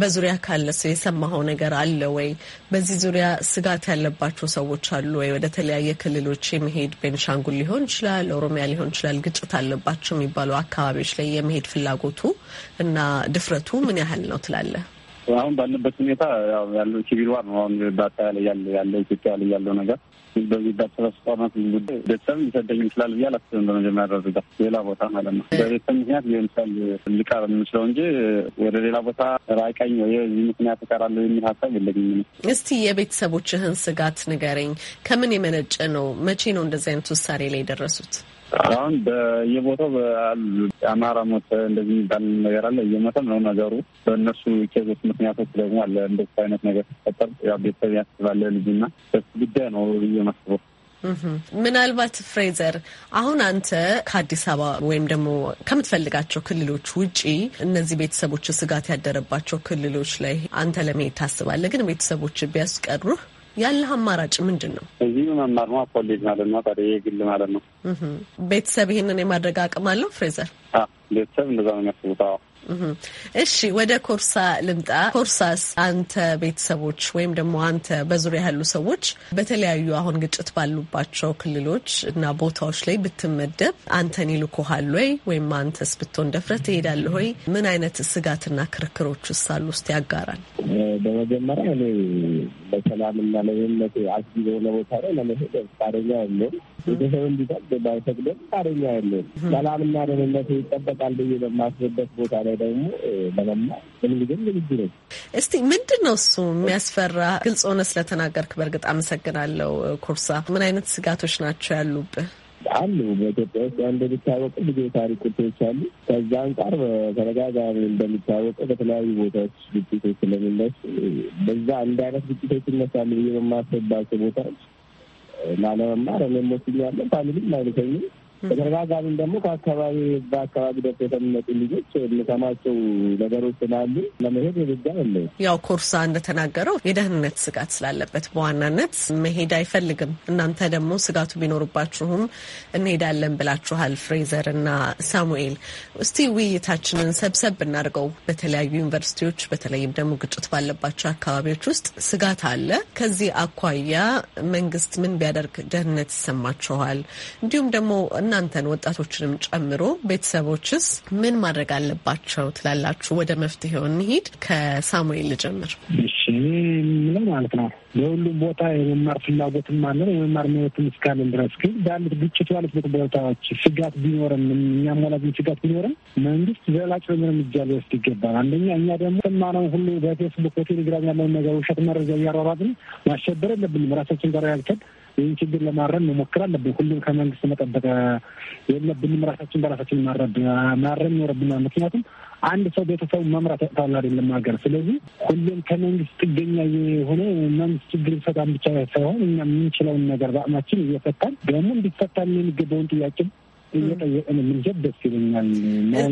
Speaker 10: በዙሪያ ካለ ሰው የሰማኸው ነገር አለ ወይ? በዚህ ዙሪያ ስጋት ያለባቸው ሰዎች አሉ ወይ? ወደ ተለያየ ክልሎች የመሄድ ቤንሻንጉል ሊሆን ይችላል፣ ኦሮሚያ ሊሆን ይችላል፣ ግጭት አለባቸው የሚባሉ አካባቢዎች ላይ የመሄድ ፍላጎቱ እና ድፍረቱ ምን ያህል ነው ትላለህ?
Speaker 5: አሁን ባለበት ሁኔታ ያለው ሲቪል ዋር ነው። አሁን በአካባቢ ያለ ያለ ኢትዮጵያ ላይ ያለው ነገር በዚህ በተረሱ ጉዳይ ቤተሰብ ሊሰደኝ ይችላል ብዬ አላስብም። በመጀመሪያ ደረጃ ሌላ ቦታ ማለት ነው። በቤተሰብ ምክንያት ሊሆን ይችላል ልቀር የምችለው እንጂ ወደ ሌላ ቦታ ራቀኝ ወይ በዚህ ምክንያት እቀራለሁ የሚል ሀሳብ የለኝም።
Speaker 10: እስቲ የቤተሰቦችህን ስጋት ንገረኝ። ከምን የመነጨ ነው? መቼ ነው እንደዚህ አይነት ውሳኔ ላይ የደረሱት?
Speaker 5: አሁን በየቦታው በአማራ ሞተ እንደዚህ የሚባል ነገር አለ። እየሞተ ነው ነገሩ። በእነሱ ኬዞች ምክንያቶች ደግሞ አለ እንደዚህ አይነት ነገር ሲፈጠር ያው ቤተሰብ ያስባለ ልጅና በሱ ጉዳይ ነው ብዬ
Speaker 10: ምናልባት ፍሬዘር፣ አሁን አንተ ከአዲስ አበባ ወይም ደግሞ ከምትፈልጋቸው ክልሎች ውጪ እነዚህ ቤተሰቦች ስጋት ያደረባቸው ክልሎች ላይ አንተ ለመሄድ ታስባለህ። ግን ቤተሰቦች ቢያስቀሩህ ያለህ አማራጭ ምንድን ነው?
Speaker 5: እዚህ መማር ነው። ኮሌጅ ማለት ነው። ታዲያ የግል ማለት ነው።
Speaker 10: ቤተሰብ ይህንን የማድረግ አቅም አለው። ፍሬዘር
Speaker 5: ቤተሰብ እንደዛ ነው የሚያስቡት
Speaker 10: እሺ ወደ ኮርሳ ልምጣ። ኮርሳስ አንተ ቤተሰቦች ወይም ደግሞ አንተ በዙሪያ ያሉ ሰዎች በተለያዩ አሁን ግጭት ባሉባቸው ክልሎች እና ቦታዎች ላይ ብትመደብ አንተን ይልኩሃል ወይ? ወይም አንተስ ብትሆን ደፍረህ ትሄዳለህ ወይ? ምን አይነት ስጋትና ክርክሮች ውስጥ ውስጥ ያጋራል።
Speaker 12: በመጀመሪያ እኔ ለሰላምና ለደህንነት አስጊ በሆነ ቦታ ላይ ለመሄድ ፈቃደኛ ያለውም ቤተሰብ እንዲጠብ ባይፈቅድም ፈቃደኛ ያለውም ሰላምና ደህንነት ይጠበቃል ብዬ በማስብበት ቦታ ላይ ላይ ደግሞ ለመማር ምንጊዜም ዝግጁ ነው።
Speaker 10: እስቲ ምንድን ነው እሱ የሚያስፈራ ግልጽ ሆነ ስለተናገርክ በእርግጥ አመሰግናለሁ። ኩርሳ ምን አይነት ስጋቶች ናቸው ያሉብህ?
Speaker 12: አሉ በኢትዮጵያ ውስጥ እንደሚታወቁ ብዙ የታሪክ ቁርቶች አሉ። ከዛ አንጻር በተደጋጋሚ እንደሚታወቁ በተለያዩ ቦታዎች ግጭቶች ስለሚነሱ በዛ እንደ አይነት ግጭቶች ይነሳሉ ብዬ በማስባቸው ቦታዎች ላለመማር እኔም ሞስኛለን ፋሚሊም አይነተኝም በተደጋጋሚም ደግሞ ከአካባቢ በአካባቢ ደርሶ የተመጡ ልጆች የምሰማቸው ነገሮች ስላሉ ለመሄድ የግዳ ያለ
Speaker 10: ያው ኮርሳ እንደተናገረው የደህንነት ስጋት ስላለበት በዋናነት መሄድ አይፈልግም። እናንተ ደግሞ ስጋቱ ቢኖርባችሁም እንሄዳለን ብላችኋል። ፍሬዘር እና ሳሙኤል፣ እስቲ ውይይታችንን ሰብሰብ ብናደርገው። በተለያዩ ዩኒቨርሲቲዎች በተለይም ደግሞ ግጭት ባለባቸው አካባቢዎች ውስጥ ስጋት አለ። ከዚህ አኳያ መንግስት ምን ቢያደርግ ደህንነት ይሰማችኋል? እንዲሁም ደግሞ እናንተን ወጣቶችንም ጨምሮ ቤተሰቦችስ ምን ማድረግ አለባቸው ትላላችሁ? ወደ መፍትሄው እንሂድ። ከሳሙኤል ልጀምር።
Speaker 11: ምለው ማለት ነው በሁሉም ቦታ የመማር ፍላጎትም አለ የመማር መብትም እስካለን ድረስ ግን ባሉት ግጭት ባሉት ቦታዎች ስጋት ቢኖርም እኛም ወላጅም ስጋት ቢኖርም መንግስት ዘላቂ የሆነ እርምጃ ሊወስድ ይገባል። አንደኛ እኛ ደግሞ ሰማነው ሁሉ በፌስቡክ በቴሌግራም ያለውን ነገር ውሸት መረጃ እያሯሯጥን ማሸበር የለብንም ራሳችን ጋር ተረጋግተን ይህን ችግር ለማረም መሞክር አለብን። ሁሉም ከመንግስት መጠበቅ የለብንም። ራሳችን በራሳችን ማረብ ማረም ይኖርብናል። ምክንያቱም አንድ ሰው ቤተሰቡ መምራት ያቅተዋል አይደለም ሀገር። ስለዚህ ሁሉም ከመንግስት ጥገኛ የሆነ መንግስት ችግር ይፈታን ብቻ ሳይሆን እኛ የምንችለውን ነገር በአቅማችን እየፈታን ደግሞ እንዲፈታ የሚገባውን ጥያቄም እየጠየቅን ይለኛል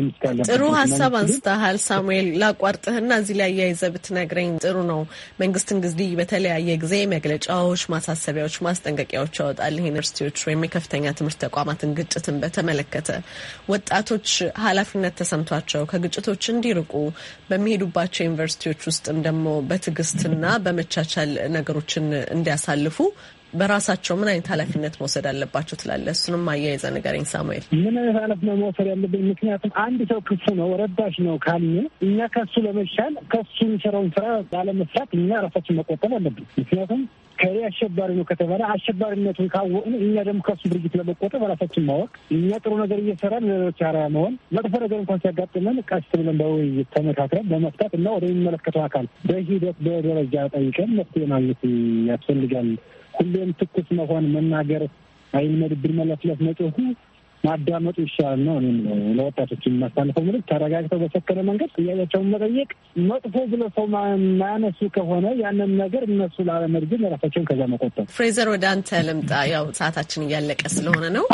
Speaker 11: ጥሩ ሀሳብ
Speaker 10: አንስተሃል ሳሙኤል። ላቋርጥህና እዚህ ላይ አያይዘህ ብትነግረኝ ጥሩ ነው። መንግስት እንግዲህ በተለያየ ጊዜ መግለጫዎች፣ ማሳሰቢያዎች፣ ማስጠንቀቂያዎች ያወጣል። ዩኒቨርሲቲዎች ወይም የከፍተኛ ትምህርት ተቋማትን ግጭትን በተመለከተ ወጣቶች ኃላፊነት ተሰምቷቸው ከግጭቶች እንዲርቁ በሚሄዱባቸው ዩኒቨርሲቲዎች ውስጥም ደግሞ በትዕግስትና በመቻቻል ነገሮችን እንዲያሳልፉ በራሳቸው ምን አይነት ኃላፊነት መውሰድ አለባቸው ትላለህ? እሱንም አያይዘ ንገረኝ ሳሙኤል።
Speaker 11: ምን አይነት ኃላፊነት መውሰድ ያለብን? ምክንያቱም አንድ ሰው ክፉ ነው ረባሽ ነው ካልን እኛ ከሱ ለመሻል ከሱ የሚሰራውን ስራ ባለመስራት እኛ ራሳችን መቆጠብ አለብን። ምክንያቱም ከሌ አሸባሪ ነው ከተባለ አሸባሪነቱን ካወቅን እኛ ደግሞ ከሱ ድርጊት ለመቆጠብ ራሳችን ማወቅ እኛ ጥሩ ነገር እየሰራን ለሌሎች አርአያ መሆን፣ መጥፎ ነገር እንኳን ሲያጋጥመን ቀስ ብለን በውይይት ተመካክረን በመፍታት እና ወደሚመለከተው አካል በሂደት በደረጃ ጠይቀን መፍትሄ ማግኘት ያስፈልጋል። ሁሌም ትኩስ መሆን፣ መናገር፣ አይን መድብን መለፍለፍ፣ መጮሁ፣ ማዳመጡ ይሻላል ነው እኔም ለወጣቶች የማሳልፈው ምልክ። ተረጋግተው በሰከነ መንገድ ጥያቄያቸውን መጠየቅ። መጥፎ ብሎ ሰው ማያነሱ ከሆነ ያንን ነገር እነሱ ግን የራሳቸውን ከዛ መቆጠብ።
Speaker 10: ፍሬዘር ወደ አንተ ልምጣ። ያው ሰዓታችን እያለቀ ስለሆነ ነው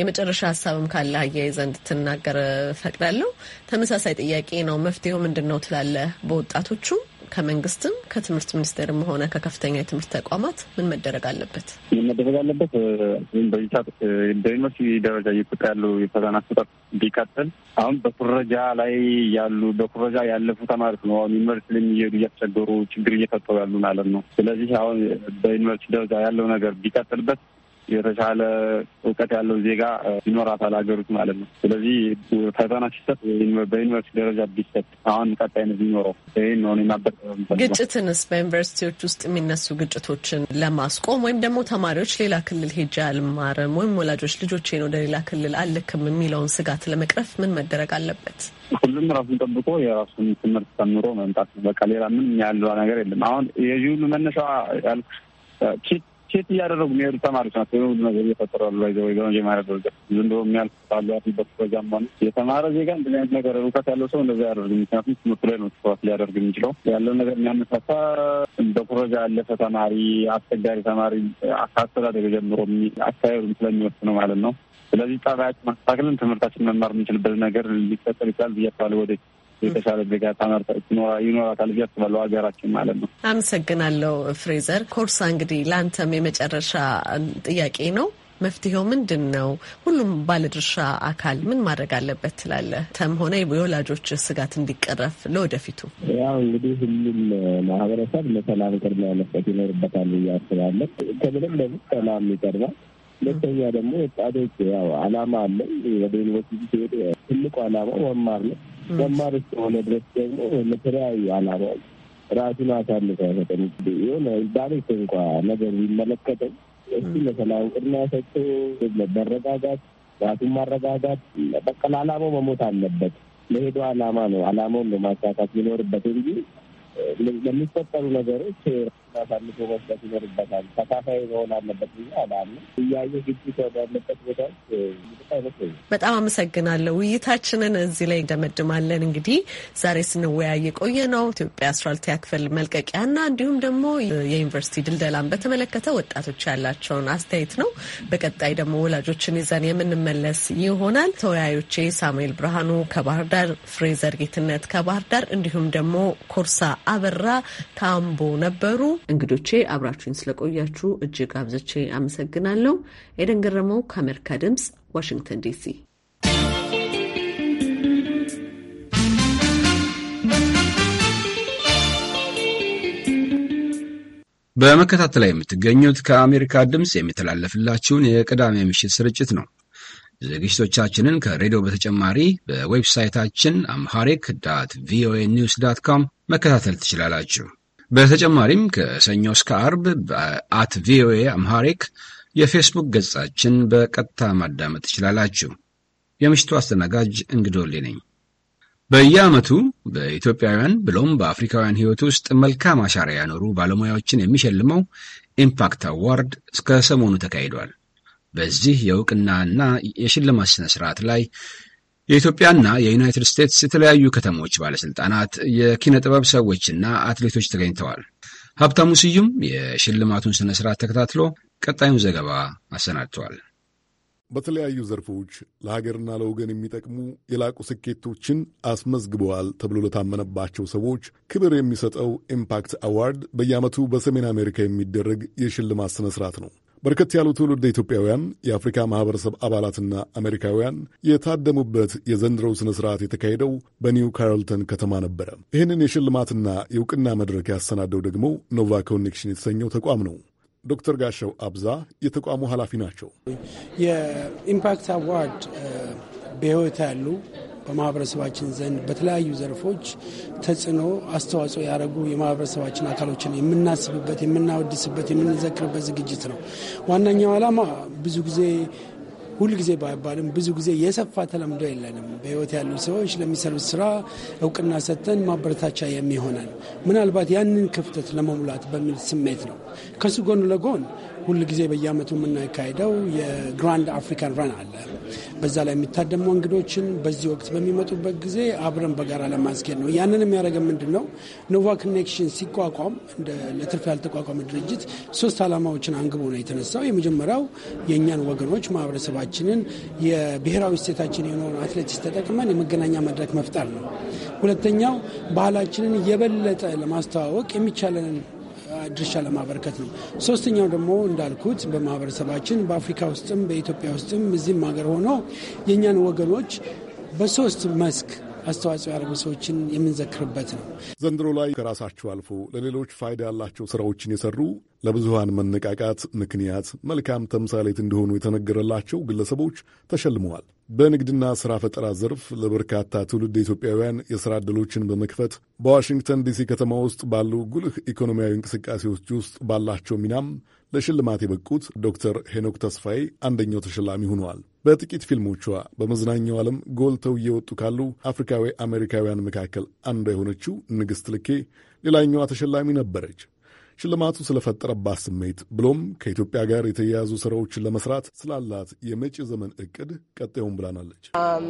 Speaker 10: የመጨረሻ ሀሳብም ካለ አያይዘ እንድትናገር ፈቅዳለሁ። ተመሳሳይ ጥያቄ ነው። መፍትሄው ምንድን ነው ትላለህ በወጣቶቹ ከመንግስትም ከትምህርት ሚኒስቴርም ሆነ ከከፍተኛ የትምህርት ተቋማት ምን መደረግ አለበት?
Speaker 5: ምን መደረግ አለበት? በዩኒቨርሲቲ ደረጃ እየቁጣ ያሉ የፈተና አሰጣጥ ቢቀጥል አሁን በኩረጃ ላይ ያሉ በኩረጃ ያለፉ ተማሪዎች ነው አሁን ዩኒቨርሲቲ የሚሄዱ እያስቸገሩ ችግር እየፈጠሩ ያሉ ማለት ነው። ስለዚህ አሁን በዩኒቨርሲቲ ደረጃ ያለው ነገር ቢቀጥልበት የተሻለ እውቀት ያለው ዜጋ ይኖራታል ሀገሪቱ ማለት ነው። ስለዚህ ፈተና ሲሰጥ በዩኒቨርሲቲ ደረጃ ቢሰጥ አሁን ቀጣይነት ቢኖረው ይህን ነው ናበት።
Speaker 10: ግጭትንስ በዩኒቨርሲቲዎች ውስጥ የሚነሱ ግጭቶችን ለማስቆም ወይም ደግሞ ተማሪዎች ሌላ ክልል ሄጄ አልማርም ወይም ወላጆች ልጆቼን ወደ ሌላ ክልል አልክም የሚለውን ስጋት ለመቅረፍ ምን መደረግ
Speaker 7: አለበት?
Speaker 5: ሁሉም ራሱን ጠብቆ የራሱን ትምህርት ተምሮ መምጣት ነው። በቃ ሌላ ምን ያለ ነገር የለም። አሁን የዚህ ሁሉ መነሻ ያልኩሽ ኪት ሴት እያደረጉ የሚሄዱ ተማሪዎች ናቸው። ሁሉ ነገር እየፈጠሩ እየፈጠራሉ ይዘወይ በመጀመሪያ ደረጃ ዘንድሮ የሚያልፍ ባሉ አፊበት በዛም ሆነ የተማረ ዜጋ እንደዚህ አይነት ነገር እውቀት ያለው ሰው እንደዚ ያደርግ። ምክንያቱም ትምህርቱ ላይ ነው ትኩረት ሊያደርግ የሚችለው ያለው ነገር የሚያነሳሳ በኩረጃ ያለፈ ተማሪ አስቸጋሪ ተማሪ ከአስተዳደግ ጀምሮ አካሄዱን ስለሚወስድ ነው ማለት ነው። ስለዚህ ጸባያችን ማስተካከልን ትምህርታችን መማር የምንችልበት ነገር ሊቀጥል ይችላል ብዬ አስባለሁ ወደፊት የተሻለ ዜጋ ይኖራታል ብዬ አስባለሁ ሀገራችን
Speaker 10: ማለት ነው። አመሰግናለሁ ፍሬዘር ኮርሳ። እንግዲህ ለአንተም የመጨረሻ ጥያቄ ነው። መፍትሄው ምንድን ነው? ሁሉም ባለድርሻ አካል ምን ማድረግ አለበት ትላለህ? ተም ሆነ የወላጆች ስጋት እንዲቀረፍ ለወደፊቱ
Speaker 12: ያው እንግዲህ ሁሉም ማህበረሰብ ለሰላም ቅድሚያ መስጠት ይኖርበታል ብዬ አስባለሁ። ከምንም በፊት ሰላም ይቀርባል። ሁለተኛ ደግሞ ወጣቶች ያው አላማ አለን። ወደ ዩኒቨርሲቲ ሲሄድ ትልቁ አላማ መማር ነው። መማር እስከሆነ ድረስ ደግሞ ለተለያዩ አላማ ራሱን አሳልፈ ሰጠን የሆነ ዳሬክት እንኳ ነገር ቢመለከተው እሱ ለሰላም ቅድሚያ ሰጥቶ መረጋጋት፣ ራሱን ማረጋጋት በቃ ለአላማው መሞት አለበት። ለሄዶ አላማ ነው አላማውን ለማሳካት ሊኖርበት እንጂ ለሚፈጠሩ ነገሮች አሳልፎ መስጠት ይኖርበታል። ተካፋይ መሆን አለበት ብዬ አላምንም። እያየ ግጭት ወዳለበት ቦታዎች አይመስለኝም።
Speaker 10: በጣም አመሰግናለሁ። ውይይታችንን እዚህ ላይ እንደመድማለን። እንግዲህ ዛሬ ስንወያይ የቆየ ነው ኢትዮጵያ አስራ ክፍል መልቀቂያ መልቀቂያና እንዲሁም ደግሞ የዩኒቨርሲቲ ድልደላን በተመለከተ ወጣቶች ያላቸውን አስተያየት ነው። በቀጣይ ደግሞ ወላጆችን ይዘን የምንመለስ ይሆናል። ተወያዮቼ ሳሙኤል ብርሃኑ ከባህር ዳር፣ ፍሬዘር ጌትነት ከባህር ዳር እንዲሁም ደግሞ ኮርሳ አበራ ከአምቦ ነበሩ። እንግዶቼ አብራችሁኝ ስለቆያችሁ እጅግ አብዝቼ አመሰግናለሁ። ኤደን ገረመው ከአሜሪካ ድምፅ ዋሽንግተን ዲሲ።
Speaker 1: በመከታተል ላይ የምትገኙት ከአሜሪካ ድምፅ የሚተላለፍላችሁን የቅዳሜ ምሽት ስርጭት ነው። ዝግጅቶቻችንን ከሬዲዮ በተጨማሪ በዌብሳይታችን አምሃሪክ ዳት ቪኦኤ ኒውስ ዳት ኮም መከታተል ትችላላችሁ። በተጨማሪም ከሰኞ እስከ አርብ በአት ቪኦኤ አምሃሪክ የፌስቡክ ገጻችን በቀጥታ ማዳመጥ ትችላላችሁ። የምሽቱ አስተናጋጅ እንግዶሌ ነኝ። በየዓመቱ በኢትዮጵያውያን ብሎም በአፍሪካውያን ሕይወት ውስጥ መልካም አሻራ ያኖሩ ባለሙያዎችን የሚሸልመው ኢምፓክት አዋርድ እስከ ሰሞኑ ተካሂዷል። በዚህ የእውቅናና የሽልማት ሥነ ሥርዓት ላይ የኢትዮጵያና የዩናይትድ ስቴትስ የተለያዩ ከተሞች ባለስልጣናት የኪነ ጥበብ ሰዎችና አትሌቶች ተገኝተዋል። ሀብታሙ ስዩም የሽልማቱን ስነ ስርዓት ተከታትሎ ቀጣዩን ዘገባ አሰናድተዋል።
Speaker 13: በተለያዩ ዘርፎች ለሀገርና ለወገን የሚጠቅሙ የላቁ ስኬቶችን አስመዝግበዋል ተብሎ ለታመነባቸው ሰዎች ክብር የሚሰጠው ኢምፓክት አዋርድ በየዓመቱ በሰሜን አሜሪካ የሚደረግ የሽልማት ስነስርዓት ነው። በርከት ያሉ ትውልድ ኢትዮጵያውያን የአፍሪካ ማህበረሰብ አባላትና አሜሪካውያን የታደሙበት የዘንድሮው ስነ ስርዓት የተካሄደው በኒው ካርልተን ከተማ ነበረ። ይህንን የሽልማትና የእውቅና መድረክ ያሰናደው ደግሞ ኖቫ ኮኔክሽን የተሰኘው ተቋም ነው። ዶክተር ጋሻው አብዛ የተቋሙ ኃላፊ ናቸው።
Speaker 14: የኢምፓክት አዋርድ በህይወት ያሉ በማህበረሰባችን ዘንድ በተለያዩ ዘርፎች ተጽዕኖ አስተዋጽኦ ያደረጉ የማህበረሰባችን አካሎችን የምናስብበት፣ የምናወድስበት፣ የምንዘክርበት ዝግጅት ነው። ዋናኛው ዓላማ ብዙ ጊዜ ሁል ጊዜ ባይባልም ብዙ ጊዜ የሰፋ ተለምዶ የለንም። በህይወት ያሉ ሰዎች ለሚሰሩት ስራ እውቅና ሰጥተን ማበረታቻ የሚሆነን ምናልባት ያንን ክፍተት ለመሙላት በሚል ስሜት ነው። ከሱ ጎን ለጎን ጊዜ በየአመቱ የምናካሄደው የግራንድ አፍሪካን ረን አለ። በዛ ላይ የሚታደሙ እንግዶችን በዚህ ወቅት በሚመጡበት ጊዜ አብረን በጋራ ለማስኬድ ነው። ያንን የሚያደርገን ምንድን ነው? ኖቫ ኮኔክሽን ሲቋቋም ለትርፍ ያልተቋቋመ ድርጅት ሶስት ዓላማዎችን አንግቦ ነው የተነሳው። የመጀመሪያው የእኛን ወገኖች ማህበረሰባችንን የብሔራዊ እሴታችን የሆነውን አትሌቲክስ ተጠቅመን የመገናኛ መድረክ መፍጠር ነው። ሁለተኛው ባህላችንን የበለጠ ለማስተዋወቅ የሚቻለንን ድርሻ ለማበረከት ነው። ሶስተኛው ደግሞ እንዳልኩት በማህበረሰባችን በአፍሪካ ውስጥም በኢትዮጵያ ውስጥም እዚህም ሀገር ሆኖ የእኛን ወገኖች በሶስት መስክ አስተዋጽኦ ያደረጉ ሰዎችን የምንዘክርበት ነው።
Speaker 13: ዘንድሮ ላይ ከራሳችሁ አልፎ ለሌሎች ፋይዳ ያላቸው ስራዎችን የሰሩ ለብዙሃን መነቃቃት ምክንያት መልካም ተምሳሌት እንደሆኑ የተነገረላቸው ግለሰቦች ተሸልመዋል። በንግድና ሥራ ፈጠራ ዘርፍ ለበርካታ ትውልድ ኢትዮጵያውያን የሥራ ዕድሎችን በመክፈት በዋሽንግተን ዲሲ ከተማ ውስጥ ባሉ ጉልህ ኢኮኖሚያዊ እንቅስቃሴዎች ውስጥ ባላቸው ሚናም ለሽልማት የበቁት ዶክተር ሄኖክ ተስፋዬ አንደኛው ተሸላሚ ሆነዋል። በጥቂት ፊልሞቿ በመዝናኛው ዓለም ጎልተው እየወጡ ካሉ አፍሪካዊ አሜሪካውያን መካከል አንዷ የሆነችው ንግሥት ልኬ ሌላኛዋ ተሸላሚ ነበረች። ሽልማቱ ስለፈጠረባት ስሜት ብሎም ከኢትዮጵያ ጋር የተያያዙ ስራዎችን ለመስራት ስላላት የመጪ ዘመን እቅድ ቀጣዩን ብላናለች።
Speaker 7: um,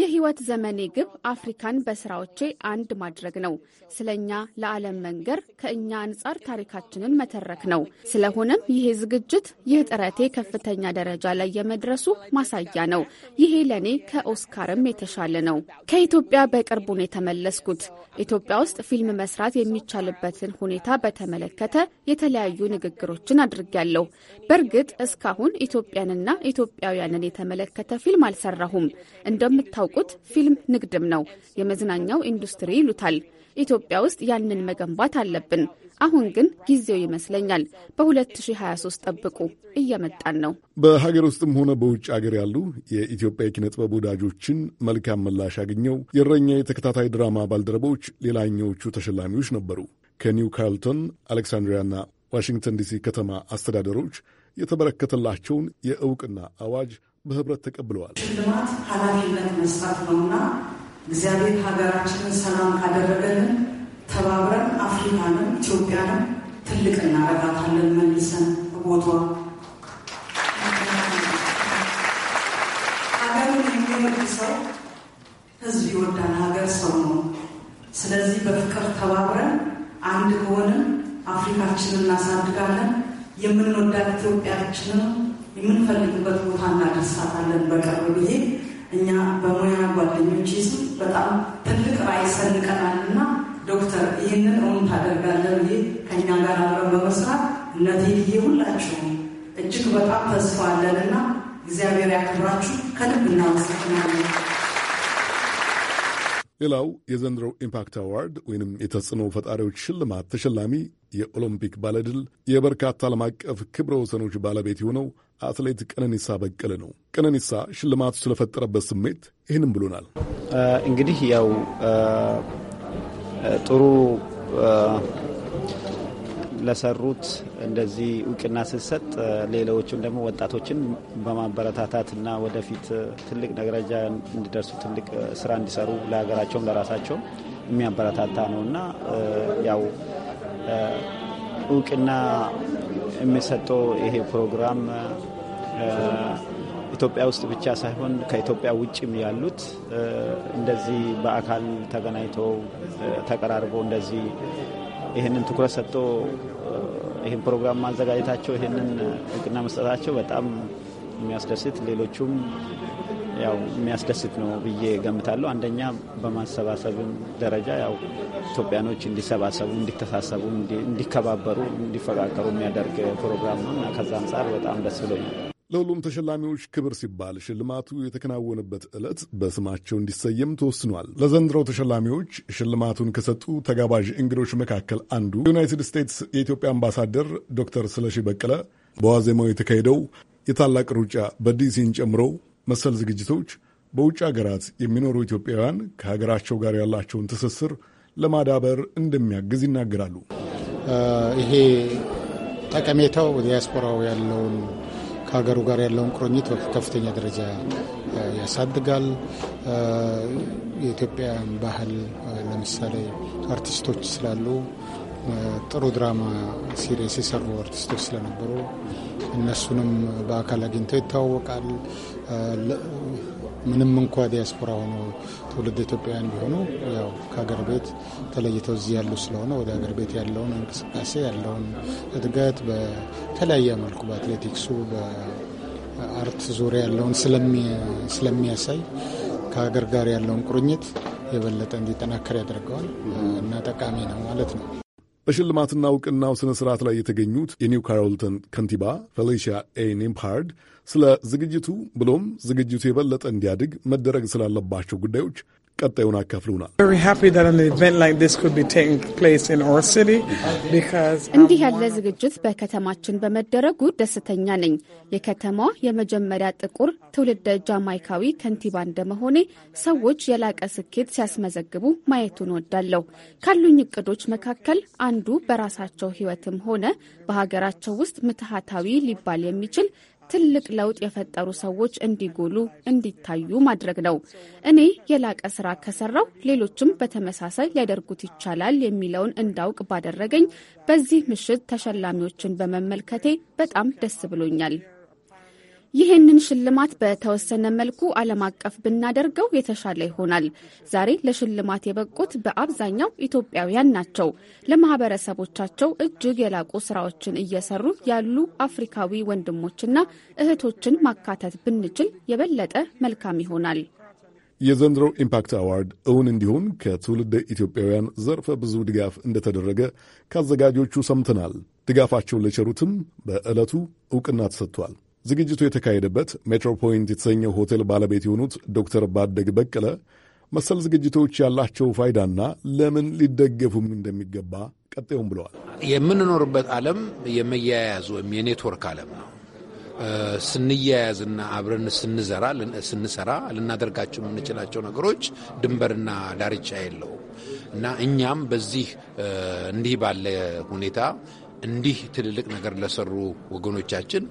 Speaker 7: የህይወት ዘመኔ ግብ አፍሪካን በስራዎቼ አንድ ማድረግ ነው። ስለኛ ለዓለም መንገር፣ ከእኛ አንጻር ታሪካችንን መተረክ ነው። ስለሆነም ይሄ ዝግጅት፣ ይህ ጥረቴ ከፍተኛ ደረጃ ላይ የመድረሱ ማሳያ ነው። ይሄ ለእኔ ከኦስካርም የተሻለ ነው። ከኢትዮጵያ በቅርቡ ነው የተመለስኩት። ኢትዮጵያ ውስጥ ፊልም መስራት የሚቻልበትን ሁኔታ በተመለከተ የተለያዩ ንግግሮችን አድርጊያለሁ። በእርግጥ እስካሁን ኢትዮጵያንና ኢትዮጵያውያንን የተመለከተ ፊልም አልሰራሁም እንደምታ እንደምታውቁት ፊልም ንግድም ነው፣ የመዝናኛው ኢንዱስትሪ ይሉታል። ኢትዮጵያ ውስጥ ያንን መገንባት አለብን። አሁን ግን ጊዜው ይመስለኛል። በ2023 ጠብቁ፣ እየመጣን ነው።
Speaker 13: በሀገር ውስጥም ሆነ በውጭ ሀገር ያሉ የኢትዮጵያ ጥበብ ወዳጆችን መልካም ምላሽ ያገኘው የእረኛ የተከታታይ ድራማ ባልደረቦች ሌላኛዎቹ ተሸላሚዎች ነበሩ። ከኒው ካርልተን፣ አሌክሳንድሪያና ዋሽንግተን ዲሲ ከተማ አስተዳደሮች የተበረከተላቸውን የእውቅና አዋጅ በህብረት ተቀብለዋል።
Speaker 8: ሽልማት ኃላፊነት መስራት ነውና እግዚአብሔር ሀገራችንን ሰላም ካደረገልን ተባብረን አፍሪካንም ኢትዮጵያንም ትልቅ እናረጋታለን መልሰን ቦቷ ሀገርን የሚወድ ሰው ህዝብ ይወዳል። ሀገር ሰው ነው። ስለዚህ በፍቅር ተባብረን አንድ ከሆንን አፍሪካችንን እናሳድጋለን። የምንወዳት ኢትዮጵያችንም የምንፈልግበት ቦታ እናደርሳታለን በቅርብ ጊዜ እኛ በሙያ ጓደኞች ስም በጣም ትልቅ ራዕይ ሰንቀናል እና ዶክተር ይህንን እውን ታደርጋለን ብዬ ከእኛ ጋር አብረን በመስራት እነቴልዬ ሁላችሁም እጅግ በጣም ተስፋ አለን እና እግዚአብሔር ያክብራችሁ ከልብ እናመሰግናለን።
Speaker 13: ሌላው የዘንድሮው ኢምፓክት አዋርድ ወይንም የተጽዕኖ ፈጣሪዎች ሽልማት ተሸላሚ የኦሎምፒክ ባለድል የበርካታ ዓለም አቀፍ ክብረ ወሰኖች ባለቤት የሆነው አትሌት ቀነኒሳ በቀለ ነው። ቀነኒሳ ሽልማቱ ስለፈጠረበት ስሜት ይህንም ብሎናል። እንግዲህ ያው
Speaker 2: ጥሩ ለሰሩት እንደዚህ እውቅና ስሰጥ ሌሎችም ደግሞ ወጣቶችን በማበረታታት እና ወደፊት ትልቅ ደረጃ እንዲደርሱ ትልቅ ስራ እንዲሰሩ ለሀገራቸውም ለራሳቸውም የሚያበረታታ ነው እና ያው እውቅና የሚሰጠው ይሄ ፕሮግራም ኢትዮጵያ ውስጥ ብቻ ሳይሆን ከኢትዮጵያ ውጭም ያሉት እንደዚህ በአካል ተገናኝተው ተቀራርበው እንደዚህ ይህንን ትኩረት ሰጥቶ ይህን ፕሮግራም ማዘጋጀታቸው ይህንን እውቅና መስጠታቸው በጣም የሚያስደስት ሌሎቹም ያው የሚያስደስት ነው ብዬ ገምታለሁ። አንደኛ በማሰባሰብም ደረጃ ያው ኢትዮጵያኖች እንዲሰባሰቡ፣ እንዲተሳሰቡ፣ እንዲከባበሩ፣ እንዲፈቃቀሩ
Speaker 13: የሚያደርግ ፕሮግራም ነው እና ከዛ አንጻር በጣም ደስ ብሎኛል። ለሁሉም ተሸላሚዎች ክብር ሲባል ሽልማቱ የተከናወነበት ዕለት በስማቸው እንዲሰየም ተወስኗል። ለዘንድሮው ተሸላሚዎች ሽልማቱን ከሰጡ ተጋባዥ እንግዶች መካከል አንዱ ዩናይትድ ስቴትስ የኢትዮጵያ አምባሳደር ዶክተር ስለሺ በቀለ በዋዜማው የተካሄደው የታላቅ ሩጫ በዲሲን ጨምሮ መሰል ዝግጅቶች በውጭ ሀገራት የሚኖሩ ኢትዮጵያውያን ከሀገራቸው ጋር ያላቸውን ትስስር ለማዳበር እንደሚያግዝ ይናገራሉ። ይሄ ጠቀሜታው ዲያስፖራው ያለውን ከሀገሩ ጋር ያለውን ቁርኝት በከፍተኛ
Speaker 15: ደረጃ ያሳድጋል። የኢትዮጵያን ባህል ለምሳሌ አርቲስቶች ስላሉ ጥሩ ድራማ ሲሪስ የሰሩ አርቲስቶች ስለነበሩ እነሱንም በአካል አግኝተው ይተዋወቃል። ምንም እንኳ ዲያስፖራ ሆኖ ትውልድ ኢትዮጵያውያን ቢሆኑ ያው ከሀገር ቤት ተለይተው እዚህ ያሉ ስለሆነ ወደ ሀገር ቤት ያለውን እንቅስቃሴ ያለውን እድገት በተለያየ መልኩ በአትሌቲክሱ፣ በአርት ዙሪያ ያለውን
Speaker 13: ስለሚያሳይ ከሀገር ጋር ያለውን ቁርኝት የበለጠ እንዲጠናከር ያደርገዋል እና ጠቃሚ ነው ማለት ነው። በሽልማትና እውቅናው ሥነ ሥርዓት ላይ የተገኙት የኒው ካሮልተን ከንቲባ ፌሊሺያ ኤ ስለ ዝግጅቱ ብሎም ዝግጅቱ የበለጠ እንዲያድግ መደረግ ስላለባቸው ጉዳዮች ቀጣዩን አካፍሉናል።
Speaker 7: እንዲህ ያለ ዝግጅት በከተማችን በመደረጉ ደስተኛ ነኝ። የከተማዋ የመጀመሪያ ጥቁር ትውልደ ጃማይካዊ ከንቲባ እንደመሆኔ ሰዎች የላቀ ስኬት ሲያስመዘግቡ ማየቱን ወዳለሁ። ካሉኝ እቅዶች መካከል አንዱ በራሳቸው ሕይወትም ሆነ በሀገራቸው ውስጥ ምትሃታዊ ሊባል የሚችል ትልቅ ለውጥ የፈጠሩ ሰዎች እንዲጎሉ፣ እንዲታዩ ማድረግ ነው። እኔ የላቀ ስራ ከሰራው ሌሎችም በተመሳሳይ ሊያደርጉት ይቻላል የሚለውን እንዳውቅ ባደረገኝ በዚህ ምሽት ተሸላሚዎችን በመመልከቴ በጣም ደስ ብሎኛል። ይህንን ሽልማት በተወሰነ መልኩ ዓለም አቀፍ ብናደርገው የተሻለ ይሆናል። ዛሬ ለሽልማት የበቁት በአብዛኛው ኢትዮጵያውያን ናቸው። ለማህበረሰቦቻቸው እጅግ የላቁ ስራዎችን እየሰሩ ያሉ አፍሪካዊ ወንድሞችና እህቶችን ማካተት ብንችል የበለጠ መልካም ይሆናል።
Speaker 13: የዘንድሮ ኢምፓክት አዋርድ እውን እንዲሆን ከትውልደ ኢትዮጵያውያን ዘርፈ ብዙ ድጋፍ እንደተደረገ ከአዘጋጆቹ ሰምተናል። ድጋፋቸውን ለቸሩትም በዕለቱ እውቅና ተሰጥቷል። ዝግጅቱ የተካሄደበት ሜትሮፖይንት የተሰኘው ሆቴል ባለቤት የሆኑት ዶክተር ባደግ በቀለ መሰል ዝግጅቶች ያላቸው ፋይዳና ለምን ሊደገፉም እንደሚገባ ቀጣዩም ብለዋል።
Speaker 14: የምንኖርበት ዓለም የመያያዝ ወይም የኔትወርክ ዓለም ነው። ስንያያዝና አብረን
Speaker 15: ስንዘራ ስንሰራ ልናደርጋቸው የምንችላቸው ነገሮች ድንበርና ዳርቻ የለው እና እኛም በዚህ እንዲህ ባለ ሁኔታ እንዲህ ትልልቅ ነገር ለሰሩ ወገኖቻችን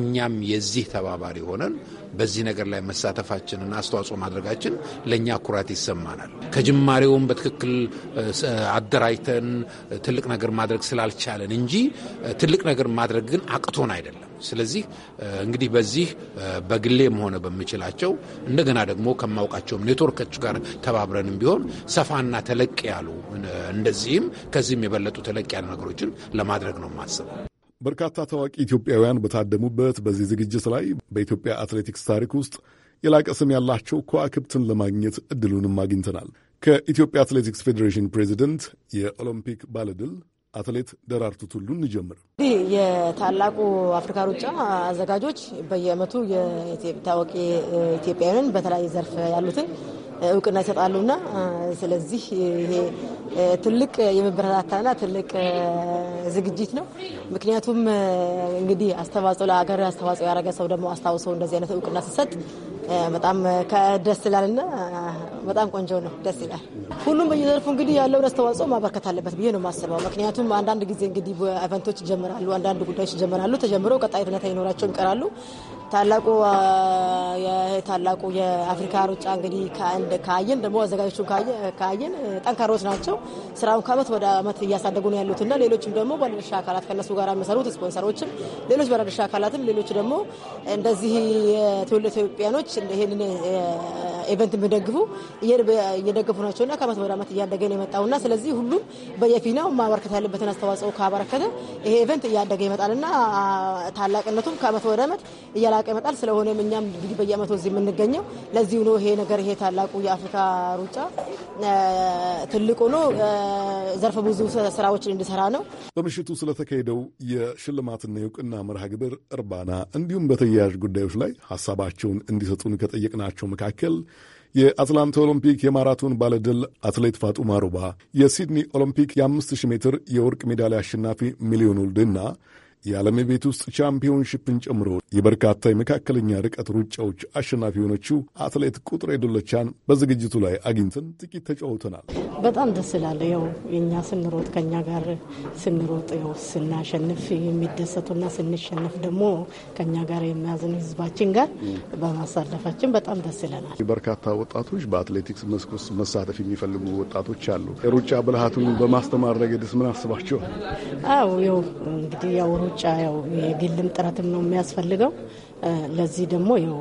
Speaker 15: እኛም የዚህ ተባባሪ ሆነን በዚህ ነገር ላይ መሳተፋችንና አስተዋጽኦ ማድረጋችን ለእኛ ኩራት ይሰማናል። ከጅማሬውም በትክክል አደራጅተን ትልቅ ነገር ማድረግ ስላልቻለን እንጂ ትልቅ ነገር ማድረግ ግን አቅቶን አይደለም። ስለዚህ እንግዲህ በዚህ በግሌም ሆነ በምችላቸው እንደገና ደግሞ ከማውቃቸውም ኔትወርኮች ጋር ተባብረንም ቢሆን ሰፋና ተለቅ ያሉ እንደዚህም ከዚህም የበለጡ ተለቅ ያሉ ነገሮችን ለማድረግ ነው ማስበው።
Speaker 13: በርካታ ታዋቂ ኢትዮጵያውያን በታደሙበት በዚህ ዝግጅት ላይ በኢትዮጵያ አትሌቲክስ ታሪክ ውስጥ የላቀ ስም ያላቸው ከዋክብትን ለማግኘት እድሉንም አግኝተናል። ከኢትዮጵያ አትሌቲክስ ፌዴሬሽን ፕሬዚደንት የኦሎምፒክ ባለድል አትሌት ደራርቱ ቱሉን እንጀምር።
Speaker 8: ይህ የታላቁ አፍሪካ ሩጫ አዘጋጆች በየዓመቱ ታዋቂ ኢትዮጵያውያንን በተለያየ ዘርፍ ያሉትን እውቅና ይሰጣሉና ስለዚህ ይሄ ትልቅ የመበረታታና ትልቅ ዝግጅት ነው። ምክንያቱም እንግዲህ አስተዋጽኦ ለሀገር አስተዋጽኦ ያደረገ ሰው ደግሞ አስታውሰው እንደዚህ አይነት እውቅና ሲሰጥ በጣም ደስ ይላል እና በጣም ቆንጆ ነው፣ ደስ ይላል። ሁሉም በየዘርፉ እንግዲህ ያለውን አስተዋጽኦ ማበርከት አለበት ብዬ ነው የማስበው። ምክንያቱም አንዳንድ ጊዜ እንግዲህ ኢቨንቶች ይጀምራሉ፣ አንዳንድ ጉዳዮች ይጀምራሉ፣ ተጀምረው ቀጣይነት አይኖራቸው ይቀራሉ። ታላቁ ታላቁ የአፍሪካ ሩጫ እንግዲህ ካየን ደግሞ አዘጋጆቹ ካየን ጠንካሮች ናቸው። ስራውን ከአመት ወደ አመት እያሳደጉ ነው ያሉትና ሌሎችም ደግሞ ባለድርሻ አካላት ከነሱ ጋር የሚሰሩት ስፖንሰሮችም፣ ሌሎች ባለድርሻ አካላትም፣ ሌሎች ደግሞ እንደዚህ የትውልድ ኢትዮጵያኖች ይህንን ኢቨንት የሚደግፉ እየደገፉ ናቸውና ከአመት ወደ አመት እያደገ ነው የመጣውና ስለዚህ ሁሉም በየፊናው ማበረከት ያለበትን አስተዋጽኦ ካበረከተ ይሄ ኢቨንት እያደገ ይመጣልና ታላቅነቱም ከአመት ወደ አመት እያላ እየራቀ ይመጣል። ስለሆነም እኛም እንግዲህ በየአመቱ እዚህ የምንገኘው ለዚሁ ነው። ይሄ ነገር ይሄ ታላቁ የአፍሪካ ሩጫ ትልቁ ነው። ዘርፈ ብዙ ስራዎችን እንዲሰራ ነው። በምሽቱ ስለተካሄደው
Speaker 13: የሽልማትና የእውቅና መርሃ ግብር እርባና፣ እንዲሁም በተያያዥ ጉዳዮች ላይ ሀሳባቸውን እንዲሰጡን ከጠየቅናቸው መካከል የአትላንታ ኦሎምፒክ የማራቶን ባለድል አትሌት ፋጡማ ሩባ፣ የሲድኒ ኦሎምፒክ የ5000 ሜትር የወርቅ ሜዳሊያ አሸናፊ ሚሊዮን ውልድና የዓለም የቤት ውስጥ ቻምፒዮንሽፕን ጨምሮ የበርካታ የመካከለኛ ርቀት ሩጫዎች አሸናፊ የሆነችው አትሌት ቁጥሬ ዱለቻን በዝግጅቱ ላይ አግኝተን ጥቂት ተጫውተናል።
Speaker 8: በጣም ደስ ይላል። ያው የእኛ ስንሮጥ ከኛ ጋር ስንሮጥ ያው ስናሸንፍ የሚደሰቱና ስንሸንፍ ደግሞ ከኛ ጋር የሚያዝን ህዝባችን ጋር በማሳለፋችን በጣም ደስ ይለናል።
Speaker 13: በርካታ ወጣቶች በአትሌቲክስ መስክ ውስጥ መሳተፍ የሚፈልጉ ወጣቶች አሉ። የሩጫ ብልሃቱን በማስተማር ረገድስ ምን አስባቸዋል?
Speaker 8: አዎ ያው እንግዲህ ያው ምርጫ ያው የግልም ጥረትም ነው የሚያስፈልገው። ለዚህ ደግሞ ያው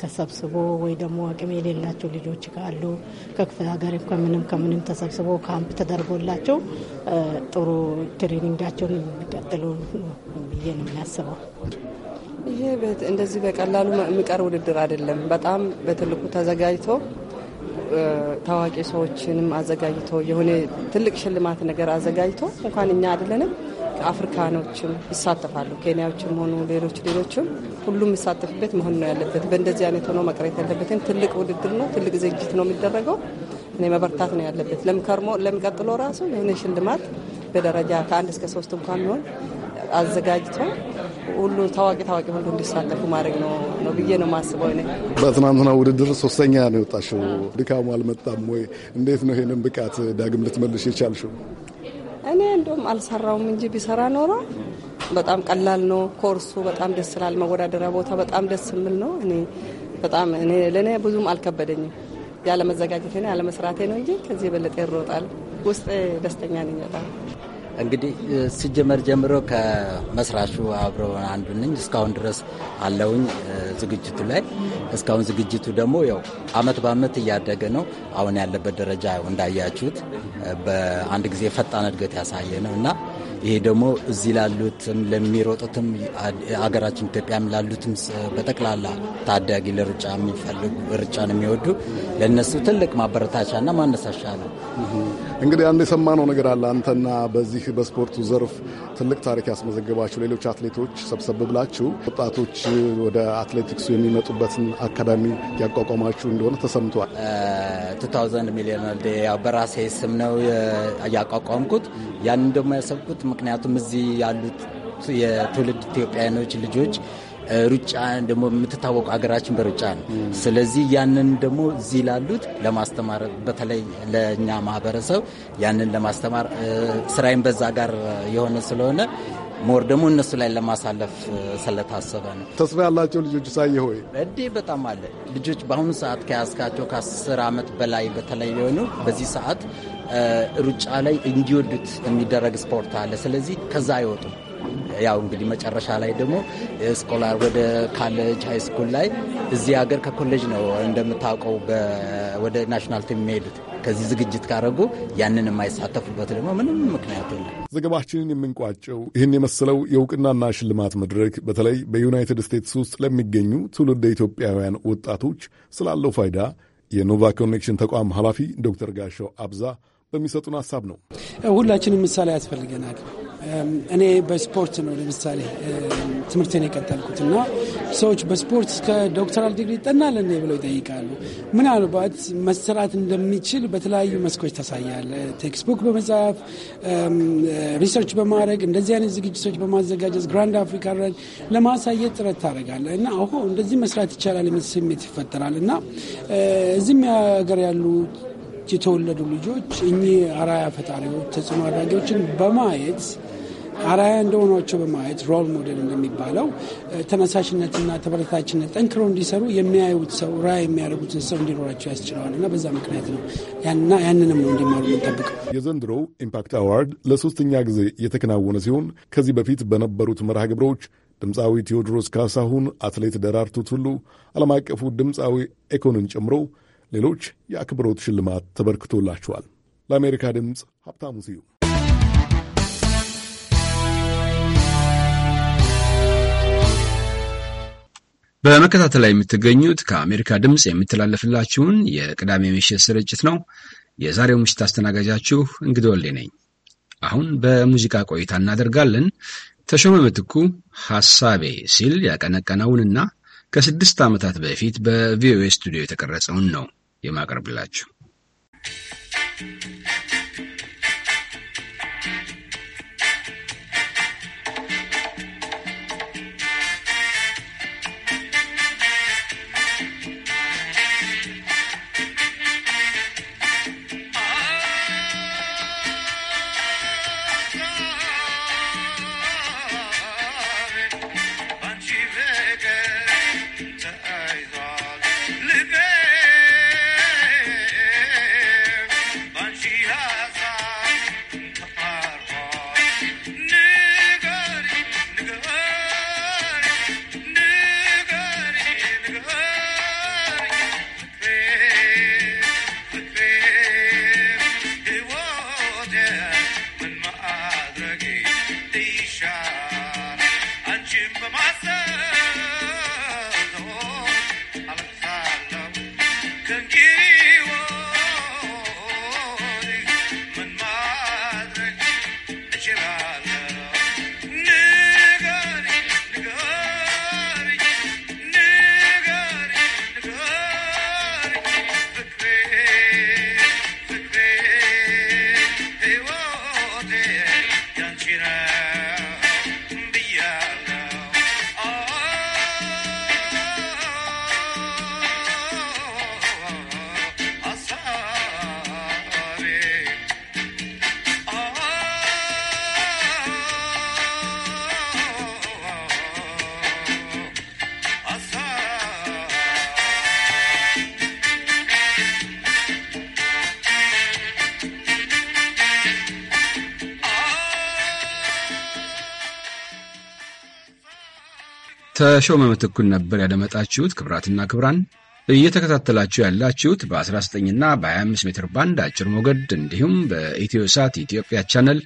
Speaker 8: ተሰብስቦ ወይ ደግሞ አቅም የሌላቸው ልጆች ካሉ ከክፍለ ሀገር ከምንም ከምንም ተሰብስቦ ካምፕ ተደርጎላቸው ጥሩ ትሬኒንጋቸውን የሚቀጥሉ ብዬ ነው የሚያስበው።
Speaker 9: ይሄ እንደዚህ በቀላሉ የሚቀር ውድድር
Speaker 8: አይደለም። በጣም በትልቁ ተዘጋጅቶ ታዋቂ ሰዎችንም አዘጋጅቶ የሆነ ትልቅ ሽልማት ነገር አዘጋጅቶ እንኳን እኛ አይደለንም አፍሪካኖችም ይሳተፋሉ። ኬንያዎችም ሆኑ ሌሎች ሌሎችም ሁሉም የሚሳተፍበት መሆን ነው ያለበት። በእንደዚህ አይነት ሆኖ መቅረት ያለበትም ትልቅ ውድድር ነው፣ ትልቅ ዝግጅት ነው የሚደረገው። እኔ መበርታት ነው ያለበት። ለምከርሞ ለሚቀጥሎ ራሱ የሆነ ሽልማት በደረጃ ከአንድ እስከ ሶስት እንኳን ቢሆን
Speaker 9: አዘጋጅቶ ሁሉ ታዋቂ ታዋቂ ሁሉ እንዲሳተፉ ማድረግ ነው ነው ብዬ ነው ማስበው።
Speaker 13: በትናንትና ውድድር ሶስተኛ ነው የወጣሽው። ድካሙ አልመጣም ወይ? እንዴት ነው ይሄንን ብቃት ዳግም ልትመልሽ የቻልሽው?
Speaker 9: እኔ እንደውም አልሰራውም እንጂ ቢሰራ ኖሮ በጣም ቀላል ነው። ኮርሱ በጣም ደስ ስላል መወዳደሪያ ቦታ በጣም ደስ የሚል ነው። እኔ በጣም እኔ ለእኔ ብዙም አልከበደኝም። ያለመዘጋጀቴ ያለመስራቴ ነው እንጂ ከዚህ የበለጠ
Speaker 8: ይሮጣል። ውስጥ ደስተኛ ነኝ በጣም
Speaker 6: እንግዲህ ሲጀመር ጀምሮ ከመስራቹ አብረ አንዱ ነኝ። እስካሁን ድረስ አለውኝ ዝግጅቱ ላይ። እስካሁን ዝግጅቱ ደግሞ ያው አመት በአመት እያደገ ነው። አሁን ያለበት ደረጃ እንዳያችሁት በአንድ ጊዜ ፈጣን እድገት ያሳየ ነው እና ይሄ ደግሞ እዚህ ላሉትም ለሚሮጡትም አገራችን ኢትዮጵያም ላሉትም በጠቅላላ ታዳጊ ለሩጫ የሚፈልጉ ሩጫን የሚወዱ ለእነሱ ትልቅ ማበረታቻና ማነሳሻ ነው።
Speaker 13: እንግዲህ አንድ የሰማነው ነገር አለ። አንተና በዚህ በስፖርቱ ዘርፍ ትልቅ ታሪክ ያስመዘገባችሁ ሌሎች አትሌቶች ሰብሰብ ብላችሁ ወጣቶች ወደ አትሌቲክሱ የሚመጡበትን አካዳሚ ያቋቋማችሁ እንደሆነ ተሰምቷል።
Speaker 6: ቱ ሚሊዮን በራሴ ስም ነው ያቋቋምኩት። ያንን ደግሞ ያሰብኩት ምክንያቱም እዚህ ያሉት የትውልድ ኢትዮጵያውያኖች ልጆች ሩጫ ደግሞ የምትታወቁ ሀገራችን በሩጫ ነው። ስለዚህ ያንን ደግሞ እዚህ ላሉት ለማስተማር በተለይ ለእኛ ማህበረሰብ ያንን ለማስተማር ስራይን በዛ ጋር የሆነ ስለሆነ ሞር ደግሞ እነሱ ላይ ለማሳለፍ ስለታሰበ ነው።
Speaker 13: ተስፋ ያላቸው ልጆች ሳየ ሆይ እዴ በጣም
Speaker 6: አለ ልጆች በአሁኑ ሰዓት ከያዝካቸው ከአስር ዓመት በላይ በተለይ የሆኑ በዚህ ሰዓት ሩጫ ላይ እንዲወዱት የሚደረግ ስፖርት አለ። ስለዚህ ከዛ አይወጡም። ያው እንግዲህ መጨረሻ ላይ ደግሞ ስኮላር ወደ ካሌጅ ሃይስኩል ስኩል ላይ እዚህ ሀገር ከኮሌጅ ነው እንደምታውቀው ወደ ናሽናል ቲም የሚሄዱት። ከዚህ ዝግጅት ካረጉ ያንን የማይሳተፉበት ደግሞ ምንም ምክንያት የለም።
Speaker 13: ዘገባችንን የምንቋጨው ይህን የመሰለው የእውቅናና ሽልማት መድረክ በተለይ በዩናይትድ ስቴትስ ውስጥ ለሚገኙ ትውልደ ኢትዮጵያውያን ወጣቶች ስላለው ፋይዳ የኖቫ ኮኔክሽን ተቋም ኃላፊ ዶክተር ጋሻው አብዛ በሚሰጡን ሀሳብ ነው።
Speaker 14: ሁላችንም ምሳሌ ያስፈልገናል። Um, እኔ በስፖርት ነው ለምሳሌ um, ትምህርቴን የቀጠልኩት እና ሰዎች በስፖርት እስከ ዶክተራል ዲግሪ ይጠናለን ብለው ይጠይቃሉ። ምናልባት መሰራት እንደሚችል በተለያዩ መስኮች ታሳያለ። ቴክስቡክ በመጽሐፍ um, ሪሰርች በማድረግ እንደዚህ አይነት ዝግጅቶች በማዘጋጀት ግራንድ አፍሪካ ረን ለማሳየት ጥረት ታደርጋለ እና አሁ እንደዚህ መስራት ይቻላል የሚል ስሜት ይፈጠራል እና uh, እዚህም ሀገር ያሉ የተወለዱ ልጆች እኚህ አራያ ፈጣሪዎች ተጽዕኖ አድራጊዎችን በማየት አራያ እንደሆኗቸው በማየት ሮል ሞዴል እንደሚባለው ተነሳሽነትና ተበረታችነት ጠንክሮ እንዲሰሩ የሚያዩት ሰው ራ የሚያደርጉትን ሰው እንዲኖራቸው ያስችለዋል እና በዛ ምክንያት ነው ያንና
Speaker 13: ያንንም ነው እንዲማሩ የምንጠብቀው። የዘንድሮው ኢምፓክት አዋርድ ለሶስተኛ ጊዜ የተከናወነ ሲሆን ከዚህ በፊት በነበሩት መርሃ ግብሮች ድምፃዊ ቴዎድሮስ ካሳሁን፣ አትሌት ደራርቱ ቱሉ፣ ዓለም አቀፉ ድምፃዊ ኤኮንን ጨምሮ ሌሎች የአክብሮት ሽልማት ተበርክቶላቸዋል። ለአሜሪካ ድምፅ ሀብታሙ ስዩም
Speaker 1: በመከታተል ላይ የምትገኙት ከአሜሪካ ድምፅ የምትላለፍላችሁን የቅዳሜ ምሽት ስርጭት ነው። የዛሬው ምሽት አስተናጋጃችሁ እንግዲህ ወልዴ ነኝ። አሁን በሙዚቃ ቆይታ እናደርጋለን። ተሾመ ምትኩ ሐሳቤ ሲል ያቀነቀነውንና ከስድስት ዓመታት በፊት በቪኦኤ ስቱዲዮ የተቀረጸውን ነው የማቀርብላችሁ። ተሾመ መተኩል ነበር ያደመጣችሁት። ክብራትና ክብራን እየተከታተላችሁ ያላችሁት በ19 እና በ25 ሜትር ባንድ አጭር ሞገድ እንዲሁም በኢትዮ ሳት ኢትዮጵያ ቻነል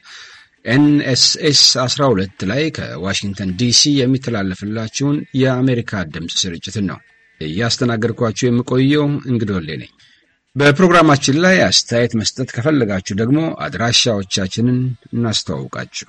Speaker 1: ኤንኤስኤስ 12 ላይ ከዋሽንግተን ዲሲ የሚተላለፍላችሁን የአሜሪካ ድምፅ ስርጭትን ነው። እያስተናገድኳችሁ የምቆየው እንግዶሌ ነኝ። በፕሮግራማችን ላይ አስተያየት መስጠት ከፈለጋችሁ ደግሞ አድራሻዎቻችንን እናስተዋውቃችሁ።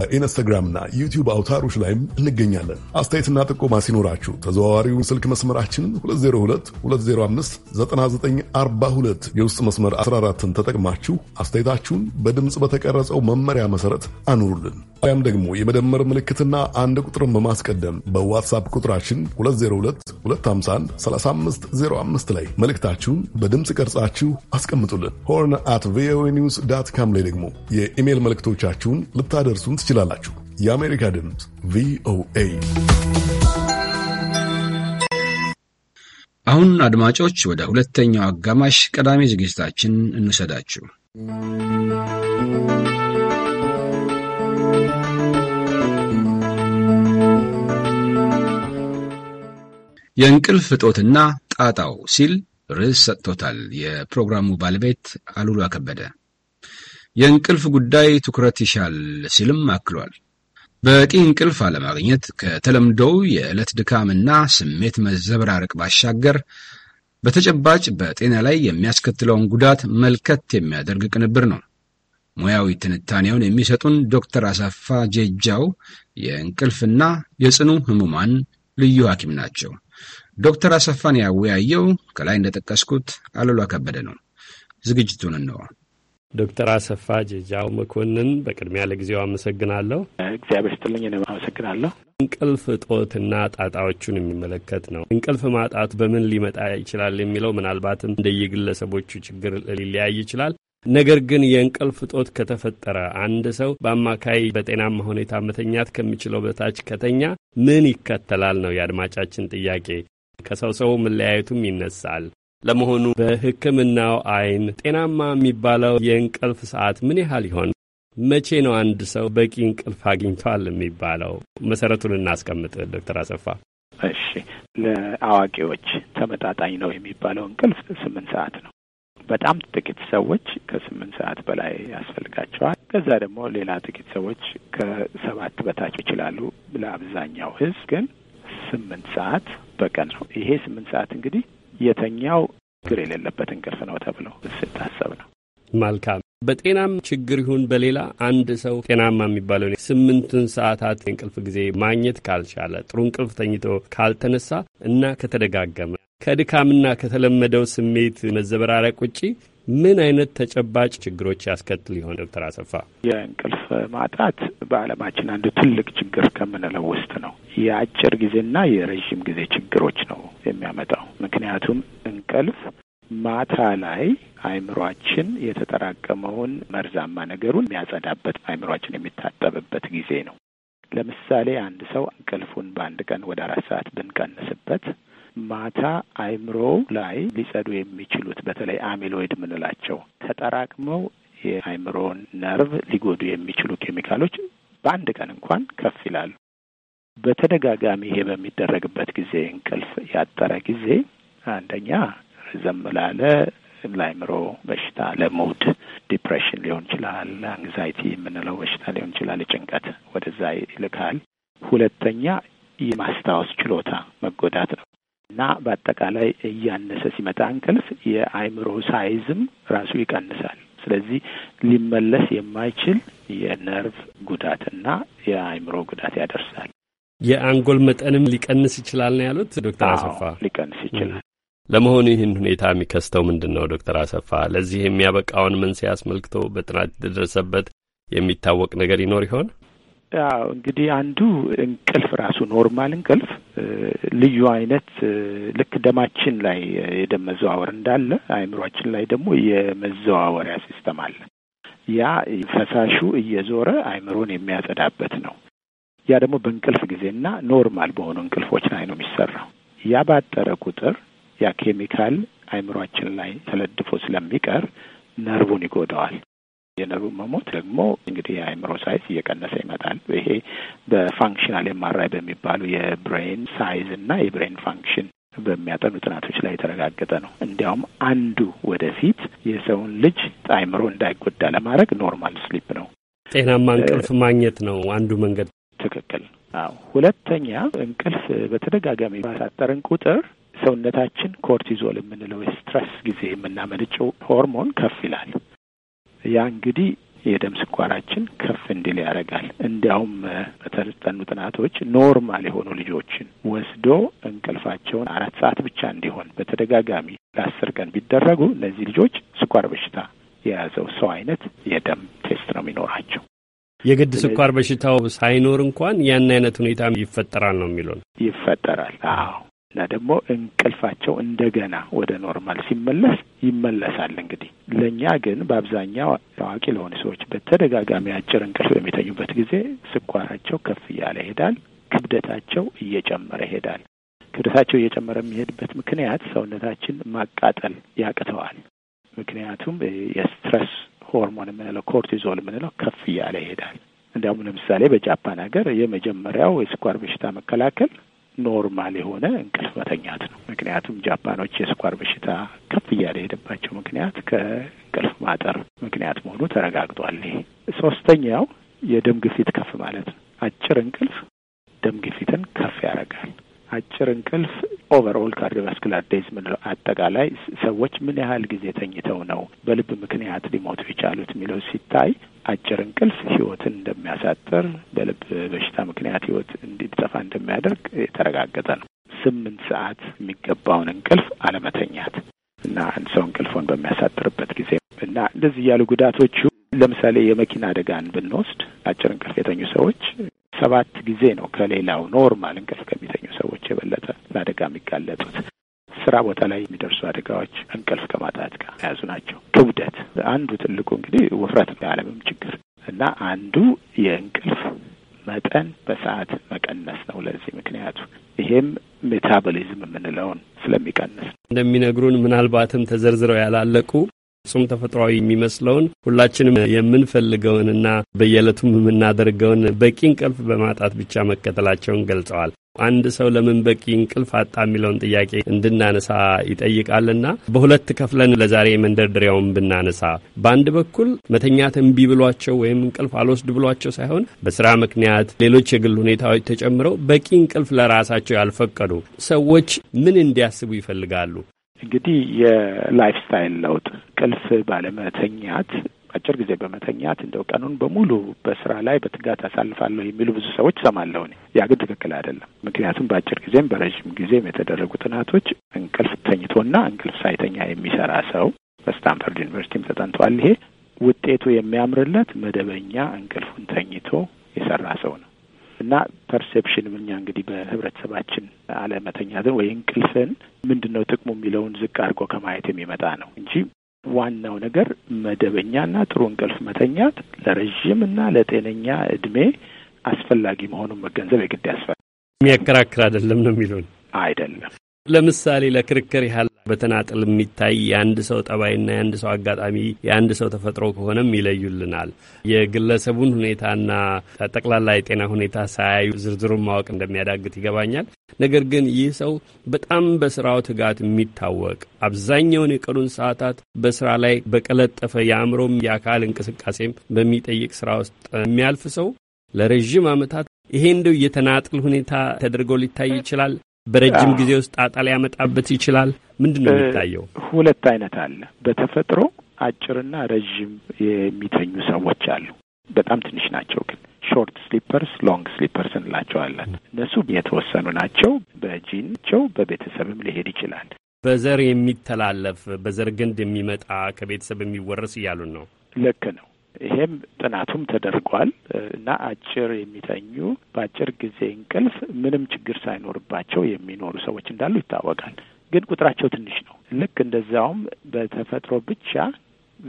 Speaker 13: በኢንስታግራምና ዩቲዩብ አውታሮች ላይም እንገኛለን። አስተያየትና ጥቆማ ሲኖራችሁ ተዘዋዋሪውን ስልክ መስመራችንን 2022059942 የውስጥ መስመር 14ን ተጠቅማችሁ አስተያየታችሁን በድምፅ በተቀረጸው መመሪያ መሰረት አኑሩልን። ያም ደግሞ የመደመር ምልክትና አንድ ቁጥርን በማስቀደም በዋትሳፕ ቁጥራችን 2022513505 ላይ መልእክታችሁን በድምፅ ቀርጻችሁ አስቀምጡልን። ሆርን አት ቪኦኤ ኒውስ ዳት ካም ላይ ደግሞ የኢሜይል መልእክቶቻችሁን ልታደርሱን ትችላላችሁ። የአሜሪካ ድምፅ ቪኦኤ
Speaker 1: አሁን አድማጮች ወደ ሁለተኛው አጋማሽ ቀዳሚ ዝግጅታችን እንውሰዳችሁ። የእንቅልፍ እጦትና ጣጣው ሲል ርዕስ ሰጥቶታል የፕሮግራሙ ባለቤት አሉሉ ከበደ። የእንቅልፍ ጉዳይ ትኩረት ይሻል ሲልም አክሏል። በቂ እንቅልፍ አለማግኘት ከተለምዶው የዕለት ድካምና ስሜት መዘበራረቅ ባሻገር በተጨባጭ በጤና ላይ የሚያስከትለውን ጉዳት መልከት የሚያደርግ ቅንብር ነው። ሙያዊ ትንታኔውን የሚሰጡን ዶክተር አሰፋ ጄጃው የእንቅልፍና የጽኑ ህሙማን ልዩ ሐኪም ናቸው። ዶክተር አሰፋን ያወያየው ከላይ እንደጠቀስኩት አሉላ ከበደ ነው። ዝግጅቱን እንዋ።
Speaker 9: ዶክተር አሰፋ ጀጃው መኮንን በቅድሚያ ለጊዜው አመሰግናለሁ።
Speaker 15: እግዚአብሔር ስትልኝ እኔም አመሰግናለሁ።
Speaker 9: እንቅልፍ እጦትና ጣጣዎቹን የሚመለከት ነው። እንቅልፍ ማጣት በምን ሊመጣ ይችላል የሚለው ምናልባትም እንደየግለሰቦቹ ችግር ሊለያይ ይችላል። ነገር ግን የእንቅልፍ እጦት ከተፈጠረ አንድ ሰው በአማካይ በጤናማ ሁኔታ መተኛት ከሚችለው በታች ከተኛ ምን ይከተላል ነው የአድማጫችን ጥያቄ። ከሰው ሰው መለያየቱም ይነሳል። ለመሆኑ በሕክምናው አይን ጤናማ የሚባለው የእንቅልፍ ሰዓት ምን ያህል ይሆን? መቼ ነው አንድ ሰው በቂ እንቅልፍ አግኝቷል የሚባለው? መሰረቱን እናስቀምጥ ዶክተር አሰፋ።
Speaker 14: እሺ፣
Speaker 15: ለአዋቂዎች ተመጣጣኝ ነው የሚባለው እንቅልፍ ስምንት ሰዓት ነው። በጣም ጥቂት ሰዎች ከስምንት ሰዓት በላይ ያስፈልጋቸዋል። ከዛ ደግሞ ሌላ ጥቂት ሰዎች ከሰባት በታች ይችላሉ። ለአብዛኛው ህዝብ ግን ስምንት ሰዓት በቀን ነው። ይሄ ስምንት ሰዓት እንግዲህ የተኛው ችግር የሌለበት እንቅልፍ ነው ተብሎ ስታሰብ ነው።
Speaker 9: መልካም። በጤናም ችግር ይሁን በሌላ አንድ ሰው ጤናማ የሚባለው ስምንቱን ሰዓታት የእንቅልፍ ጊዜ ማግኘት ካልቻለ፣ ጥሩ እንቅልፍ ተኝቶ ካልተነሳ እና ከተደጋገመ ከድካምና ከተለመደው ስሜት መዘበራረቅ ውጪ ምን አይነት ተጨባጭ ችግሮች ያስከትል ይሆን? ዶክተር አሰፋ
Speaker 15: የእንቅልፍ ማጣት በዓለማችን አንዱ ትልቅ ችግር ከምንለው ውስጥ ነው። የአጭር ጊዜና የረዥም ጊዜ ችግሮች ነው የሚያመጣው። ምክንያቱም እንቅልፍ ማታ ላይ አእምሯችን የተጠራቀመውን መርዛማ ነገሩን የሚያጸዳበት አይምሯችን የሚታጠብበት ጊዜ ነው። ለምሳሌ አንድ ሰው እንቅልፉን በአንድ ቀን ወደ አራት ሰዓት ብንቀንስበት ማታ አይምሮ ላይ ሊጸዱ የሚችሉት በተለይ አሚሎይድ የምንላቸው ተጠራቅመው የአይምሮን ነርቭ ሊጎዱ የሚችሉ ኬሚካሎች በአንድ ቀን እንኳን ከፍ ይላሉ። በተደጋጋሚ ይሄ በሚደረግበት ጊዜ እንቅልፍ ያጠረ ጊዜ አንደኛ ዘም ላለ ለአይምሮ በሽታ ለሙድ ዲፕሬሽን ሊሆን ይችላል፣ አንግዛይቲ የምንለው በሽታ ሊሆን ይችላል፣ ጭንቀት ወደዛ ይልካል። ሁለተኛ የማስታወስ ችሎታ መጎዳት ነው። እና በአጠቃላይ እያነሰ ሲመጣ እንቅልፍ የአእምሮ ሳይዝም ራሱ ይቀንሳል። ስለዚህ ሊመለስ የማይችል የነርቭ ጉዳትና የአእምሮ ጉዳት ያደርሳል።
Speaker 9: የአንጎል መጠንም ሊቀንስ ይችላል ነው ያሉት ዶክተር አሰፋ።
Speaker 15: ሊቀንስ ይችላል።
Speaker 9: ለመሆኑ ይህን ሁኔታ የሚከስተው ምንድን ነው ዶክተር አሰፋ? ለዚህ የሚያበቃውን መንስኤ አስመልክቶ በጥናት የተደረሰበት የሚታወቅ ነገር ይኖር ይሆን?
Speaker 15: አዎ እንግዲህ አንዱ እንቅልፍ ራሱ ኖርማል እንቅልፍ ልዩ አይነት ልክ ደማችን ላይ የደም መዘዋወር እንዳለ አእምሯችን ላይ ደግሞ የመዘዋወሪያ ሲስተም አለ። ያ ፈሳሹ እየዞረ አእምሮን የሚያጸዳበት ነው። ያ ደግሞ በእንቅልፍ ጊዜና ኖርማል በሆኑ እንቅልፎች ላይ ነው የሚሰራው። ያ ባጠረ ቁጥር ያ ኬሚካል አእምሯችን ላይ ተለድፎ ስለሚቀር ነርቡን ይጎዳዋል። የነሩ መሞት ደግሞ እንግዲህ የአእምሮ ሳይዝ እየቀነሰ ይመጣል። ይሄ በፋንክሽናል የማራይ በሚባሉ የብሬን ሳይዝ እና የብሬን ፋንክሽን በሚያጠኑ ጥናቶች ላይ የተረጋገጠ ነው። እንዲያውም አንዱ ወደፊት የሰውን ልጅ አእምሮ እንዳይጎዳ ለማድረግ ኖርማል ስሊፕ ነው፣
Speaker 9: ጤናማ እንቅልፍ ማግኘት ነው አንዱ መንገድ። ትክክል። አዎ።
Speaker 15: ሁለተኛ እንቅልፍ በተደጋጋሚ ባሳጠርን ቁጥር ሰውነታችን ኮርቲዞል የምንለው የስትረስ ጊዜ የምናመነጨው ሆርሞን ከፍ ይላል። ያ እንግዲህ የደም ስኳራችን ከፍ እንዲል ያደርጋል። እንዲያውም በተጠኑ ጥናቶች ኖርማል የሆኑ ልጆችን ወስዶ እንቅልፋቸውን አራት ሰዓት ብቻ እንዲሆን በተደጋጋሚ ለአስር ቀን ቢደረጉ እነዚህ ልጆች ስኳር በሽታ የያዘው ሰው አይነት የደም ቴስት ነው የሚኖራቸው።
Speaker 9: የግድ ስኳር በሽታው ሳይኖር እንኳን ያን አይነት ሁኔታ ይፈጠራል ነው የሚሉን። ይፈጠራል። አዎ
Speaker 15: እና ደግሞ እንቅልፋቸው እንደገና ወደ ኖርማል ሲመለስ ይመለሳል። እንግዲህ ለእኛ ግን በአብዛኛው ታዋቂ ለሆኑ ሰዎች በተደጋጋሚ አጭር እንቅልፍ በሚተኙበት ጊዜ ስኳራቸው ከፍ እያለ ይሄዳል፣ ክብደታቸው እየጨመረ ይሄዳል። ክብደታቸው እየጨመረ የሚሄድበት ምክንያት ሰውነታችን ማቃጠል ያቅተዋል። ምክንያቱም የስትረስ ሆርሞን የምንለው ኮርቲዞል የምንለው ከፍ እያለ ይሄዳል። እንዲያውም ለምሳሌ በጃፓን ሀገር የመጀመሪያው የስኳር በሽታ መከላከል ኖርማል የሆነ እንቅልፍ መተኛት ነው። ምክንያቱም ጃፓኖች የስኳር በሽታ ከፍ እያለ ሄደባቸው ምክንያት ከእንቅልፍ ማጠር ምክንያት መሆኑ ተረጋግጧል። ይሄ ሶስተኛው የደም ግፊት ከፍ ማለት ነው። አጭር እንቅልፍ ደም ግፊትን ከፍ ያደርጋል። አጭር እንቅልፍ ኦቨርኦል ካርዲዮቫስኩላር ዴዝ ምንለው አጠቃላይ ሰዎች ምን ያህል ጊዜ ተኝተው ነው በልብ ምክንያት ሊሞቱ የቻሉት የሚለው ሲታይ አጭር እንቅልፍ ህይወትን እንደሚያሳጥር በልብ በሽታ ምክንያት ህይወት እንዲጠፋ እንደሚያደርግ የተረጋገጠ ነው። ስምንት ሰዓት የሚገባውን እንቅልፍ አለመተኛት እና አንድ ሰው እንቅልፎን በሚያሳጥርበት ጊዜ እና እንደዚህ ያሉ ጉዳቶቹ ለምሳሌ የመኪና አደጋን ብንወስድ አጭር እንቅልፍ የተኙ ሰዎች ሰባት ጊዜ ነው ከሌላው ኖርማል እንቅልፍ ከሚተኙ ሰዎች የበለጠ ለአደጋ የሚጋለጡት። ስራ ቦታ ላይ የሚደርሱ አደጋዎች እንቅልፍ ከማጣት ጋር የያዙ ናቸው። ክብደት አንዱ ትልቁ እንግዲህ ውፍረት የዓለምም ችግር እና አንዱ የእንቅልፍ መጠን በሰዓት መቀነስ ነው። ለዚህ ምክንያቱ ይሄም ሜታቦሊዝም የምንለውን
Speaker 9: ስለሚቀንስ ነው። እንደሚነግሩን ምናልባትም ተዘርዝረው ያላለቁ ፍጹም ተፈጥሯዊ የሚመስለውን ሁላችንም የምንፈልገውንና በየዕለቱም የምናደርገውን በቂ እንቅልፍ በማጣት ብቻ መከተላቸውን ገልጸዋል። አንድ ሰው ለምን በቂ እንቅልፍ አጣ የሚለውን ጥያቄ እንድናነሳ ይጠይቃልና በሁለት ከፍለን ለዛሬ መንደርደሪያውን ብናነሳ በአንድ በኩል መተኛት እምቢ ብሏቸው ወይም እንቅልፍ አልወስድ ብሏቸው ሳይሆን በስራ ምክንያት፣ ሌሎች የግል ሁኔታዎች ተጨምረው በቂ እንቅልፍ ለራሳቸው ያልፈቀዱ ሰዎች
Speaker 15: ምን እንዲያስቡ ይፈልጋሉ? እንግዲህ የላይፍ ስታይል ለውጥ እንቅልፍ ባለመተኛት አጭር ጊዜ በመተኛት እንደው ቀኑን በሙሉ በስራ ላይ በትጋት አሳልፋለሁ የሚሉ ብዙ ሰዎች እሰማለሁ። ያ ግን ትክክል አይደለም። ምክንያቱም በአጭር ጊዜም በረዥም ጊዜም የተደረጉ ጥናቶች እንቅልፍ ተኝቶና እንቅልፍ ሳይተኛ የሚሰራ ሰው በስታንፈርድ ዩኒቨርሲቲም ተጠንቷል። ይሄ ውጤቱ የሚያምርለት መደበኛ እንቅልፉን ተኝቶ የሰራ ሰው ነው እና ፐርሴፕሽንም እኛ እንግዲህ በህብረተሰባችን አለመተኛትን ወይ እንቅልፍን ምንድን ነው ጥቅሙ የሚለውን ዝቅ አድርጎ ከማየት የሚመጣ ነው እንጂ ዋናው ነገር መደበኛና ጥሩ እንቅልፍ መተኛት ለረዥም እና ለጤነኛ እድሜ አስፈላጊ መሆኑን መገንዘብ የግድ ያስፈል
Speaker 9: የሚያከራክር አይደለም ነው የሚሉን አይደለም። ለምሳሌ ለክርክር ያህል በተናጠል የሚታይ የአንድ ሰው ጠባይና የአንድ ሰው አጋጣሚ የአንድ ሰው ተፈጥሮ ከሆነም ይለዩልናል። የግለሰቡን ሁኔታና ጠቅላላ የጤና ሁኔታ ሳያዩ ዝርዝሩን ማወቅ እንደሚያዳግት ይገባኛል። ነገር ግን ይህ ሰው በጣም በስራው ትጋት የሚታወቅ አብዛኛውን የቀኑን ሰዓታት በስራ ላይ በቀለጠፈ የአእምሮም የአካል እንቅስቃሴም በሚጠይቅ ስራ ውስጥ የሚያልፍ ሰው ለረዥም ዓመታት ይሄ እንደው የተናጥል ሁኔታ ተደርጎ ሊታይ ይችላል። በረጅም ጊዜ ውስጥ ጣጣ
Speaker 15: ሊያመጣበት ይችላል። ምንድን ነው የሚታየው? ሁለት አይነት አለ። በተፈጥሮ አጭርና ረዥም የሚተኙ ሰዎች አሉ። በጣም ትንሽ ናቸው ግን ሾርት ስሊፐርስ ሎንግ ስሊፐርስ እንላቸዋለን። እነሱ የተወሰኑ ናቸው። በጂንቸው በቤተሰብም ሊሄድ ይችላል።
Speaker 9: በዘር የሚተላለፍ በዘር ግንድ የሚመጣ ከቤተሰብ የሚወረስ እያሉን ነው።
Speaker 15: ልክ ነው። ይሄም ጥናቱም ተደርጓል እና አጭር የሚተኙ በአጭር ጊዜ እንቅልፍ ምንም ችግር ሳይኖርባቸው የሚኖሩ ሰዎች እንዳሉ ይታወቃል። ግን ቁጥራቸው ትንሽ ነው። ልክ እንደዛውም በተፈጥሮ ብቻ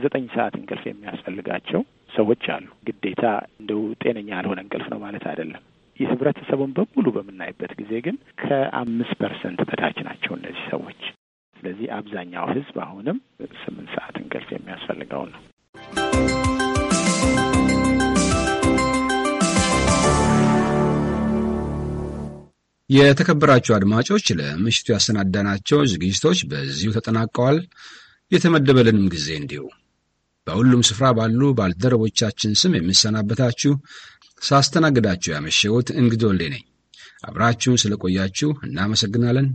Speaker 15: ዘጠኝ ሰዓት እንቅልፍ የሚያስፈልጋቸው ሰዎች አሉ። ግዴታ እንደው ጤነኛ ያልሆነ እንቅልፍ ነው ማለት አይደለም። የህብረተሰቡን በሙሉ በምናይበት ጊዜ ግን ከአምስት ፐርሰንት በታች ናቸው እነዚህ ሰዎች። ስለዚህ አብዛኛው ህዝብ አሁንም ስምንት ሰዓት እንቅልፍ የሚያስፈልገው
Speaker 12: ነው።
Speaker 1: የተከበራችሁ አድማጮች ለምሽቱ ያሰናዳናቸው ዝግጅቶች በዚሁ ተጠናቀዋል። የተመደበልንም ጊዜ እንዲሁ በሁሉም ስፍራ ባሉ ባልደረቦቻችን ስም የምሰናበታችሁ ሳስተናግዳችሁ ያመሸሁት እንግዶሌ ነኝ። አብራችሁን ስለቆያችሁ እናመሰግናለን።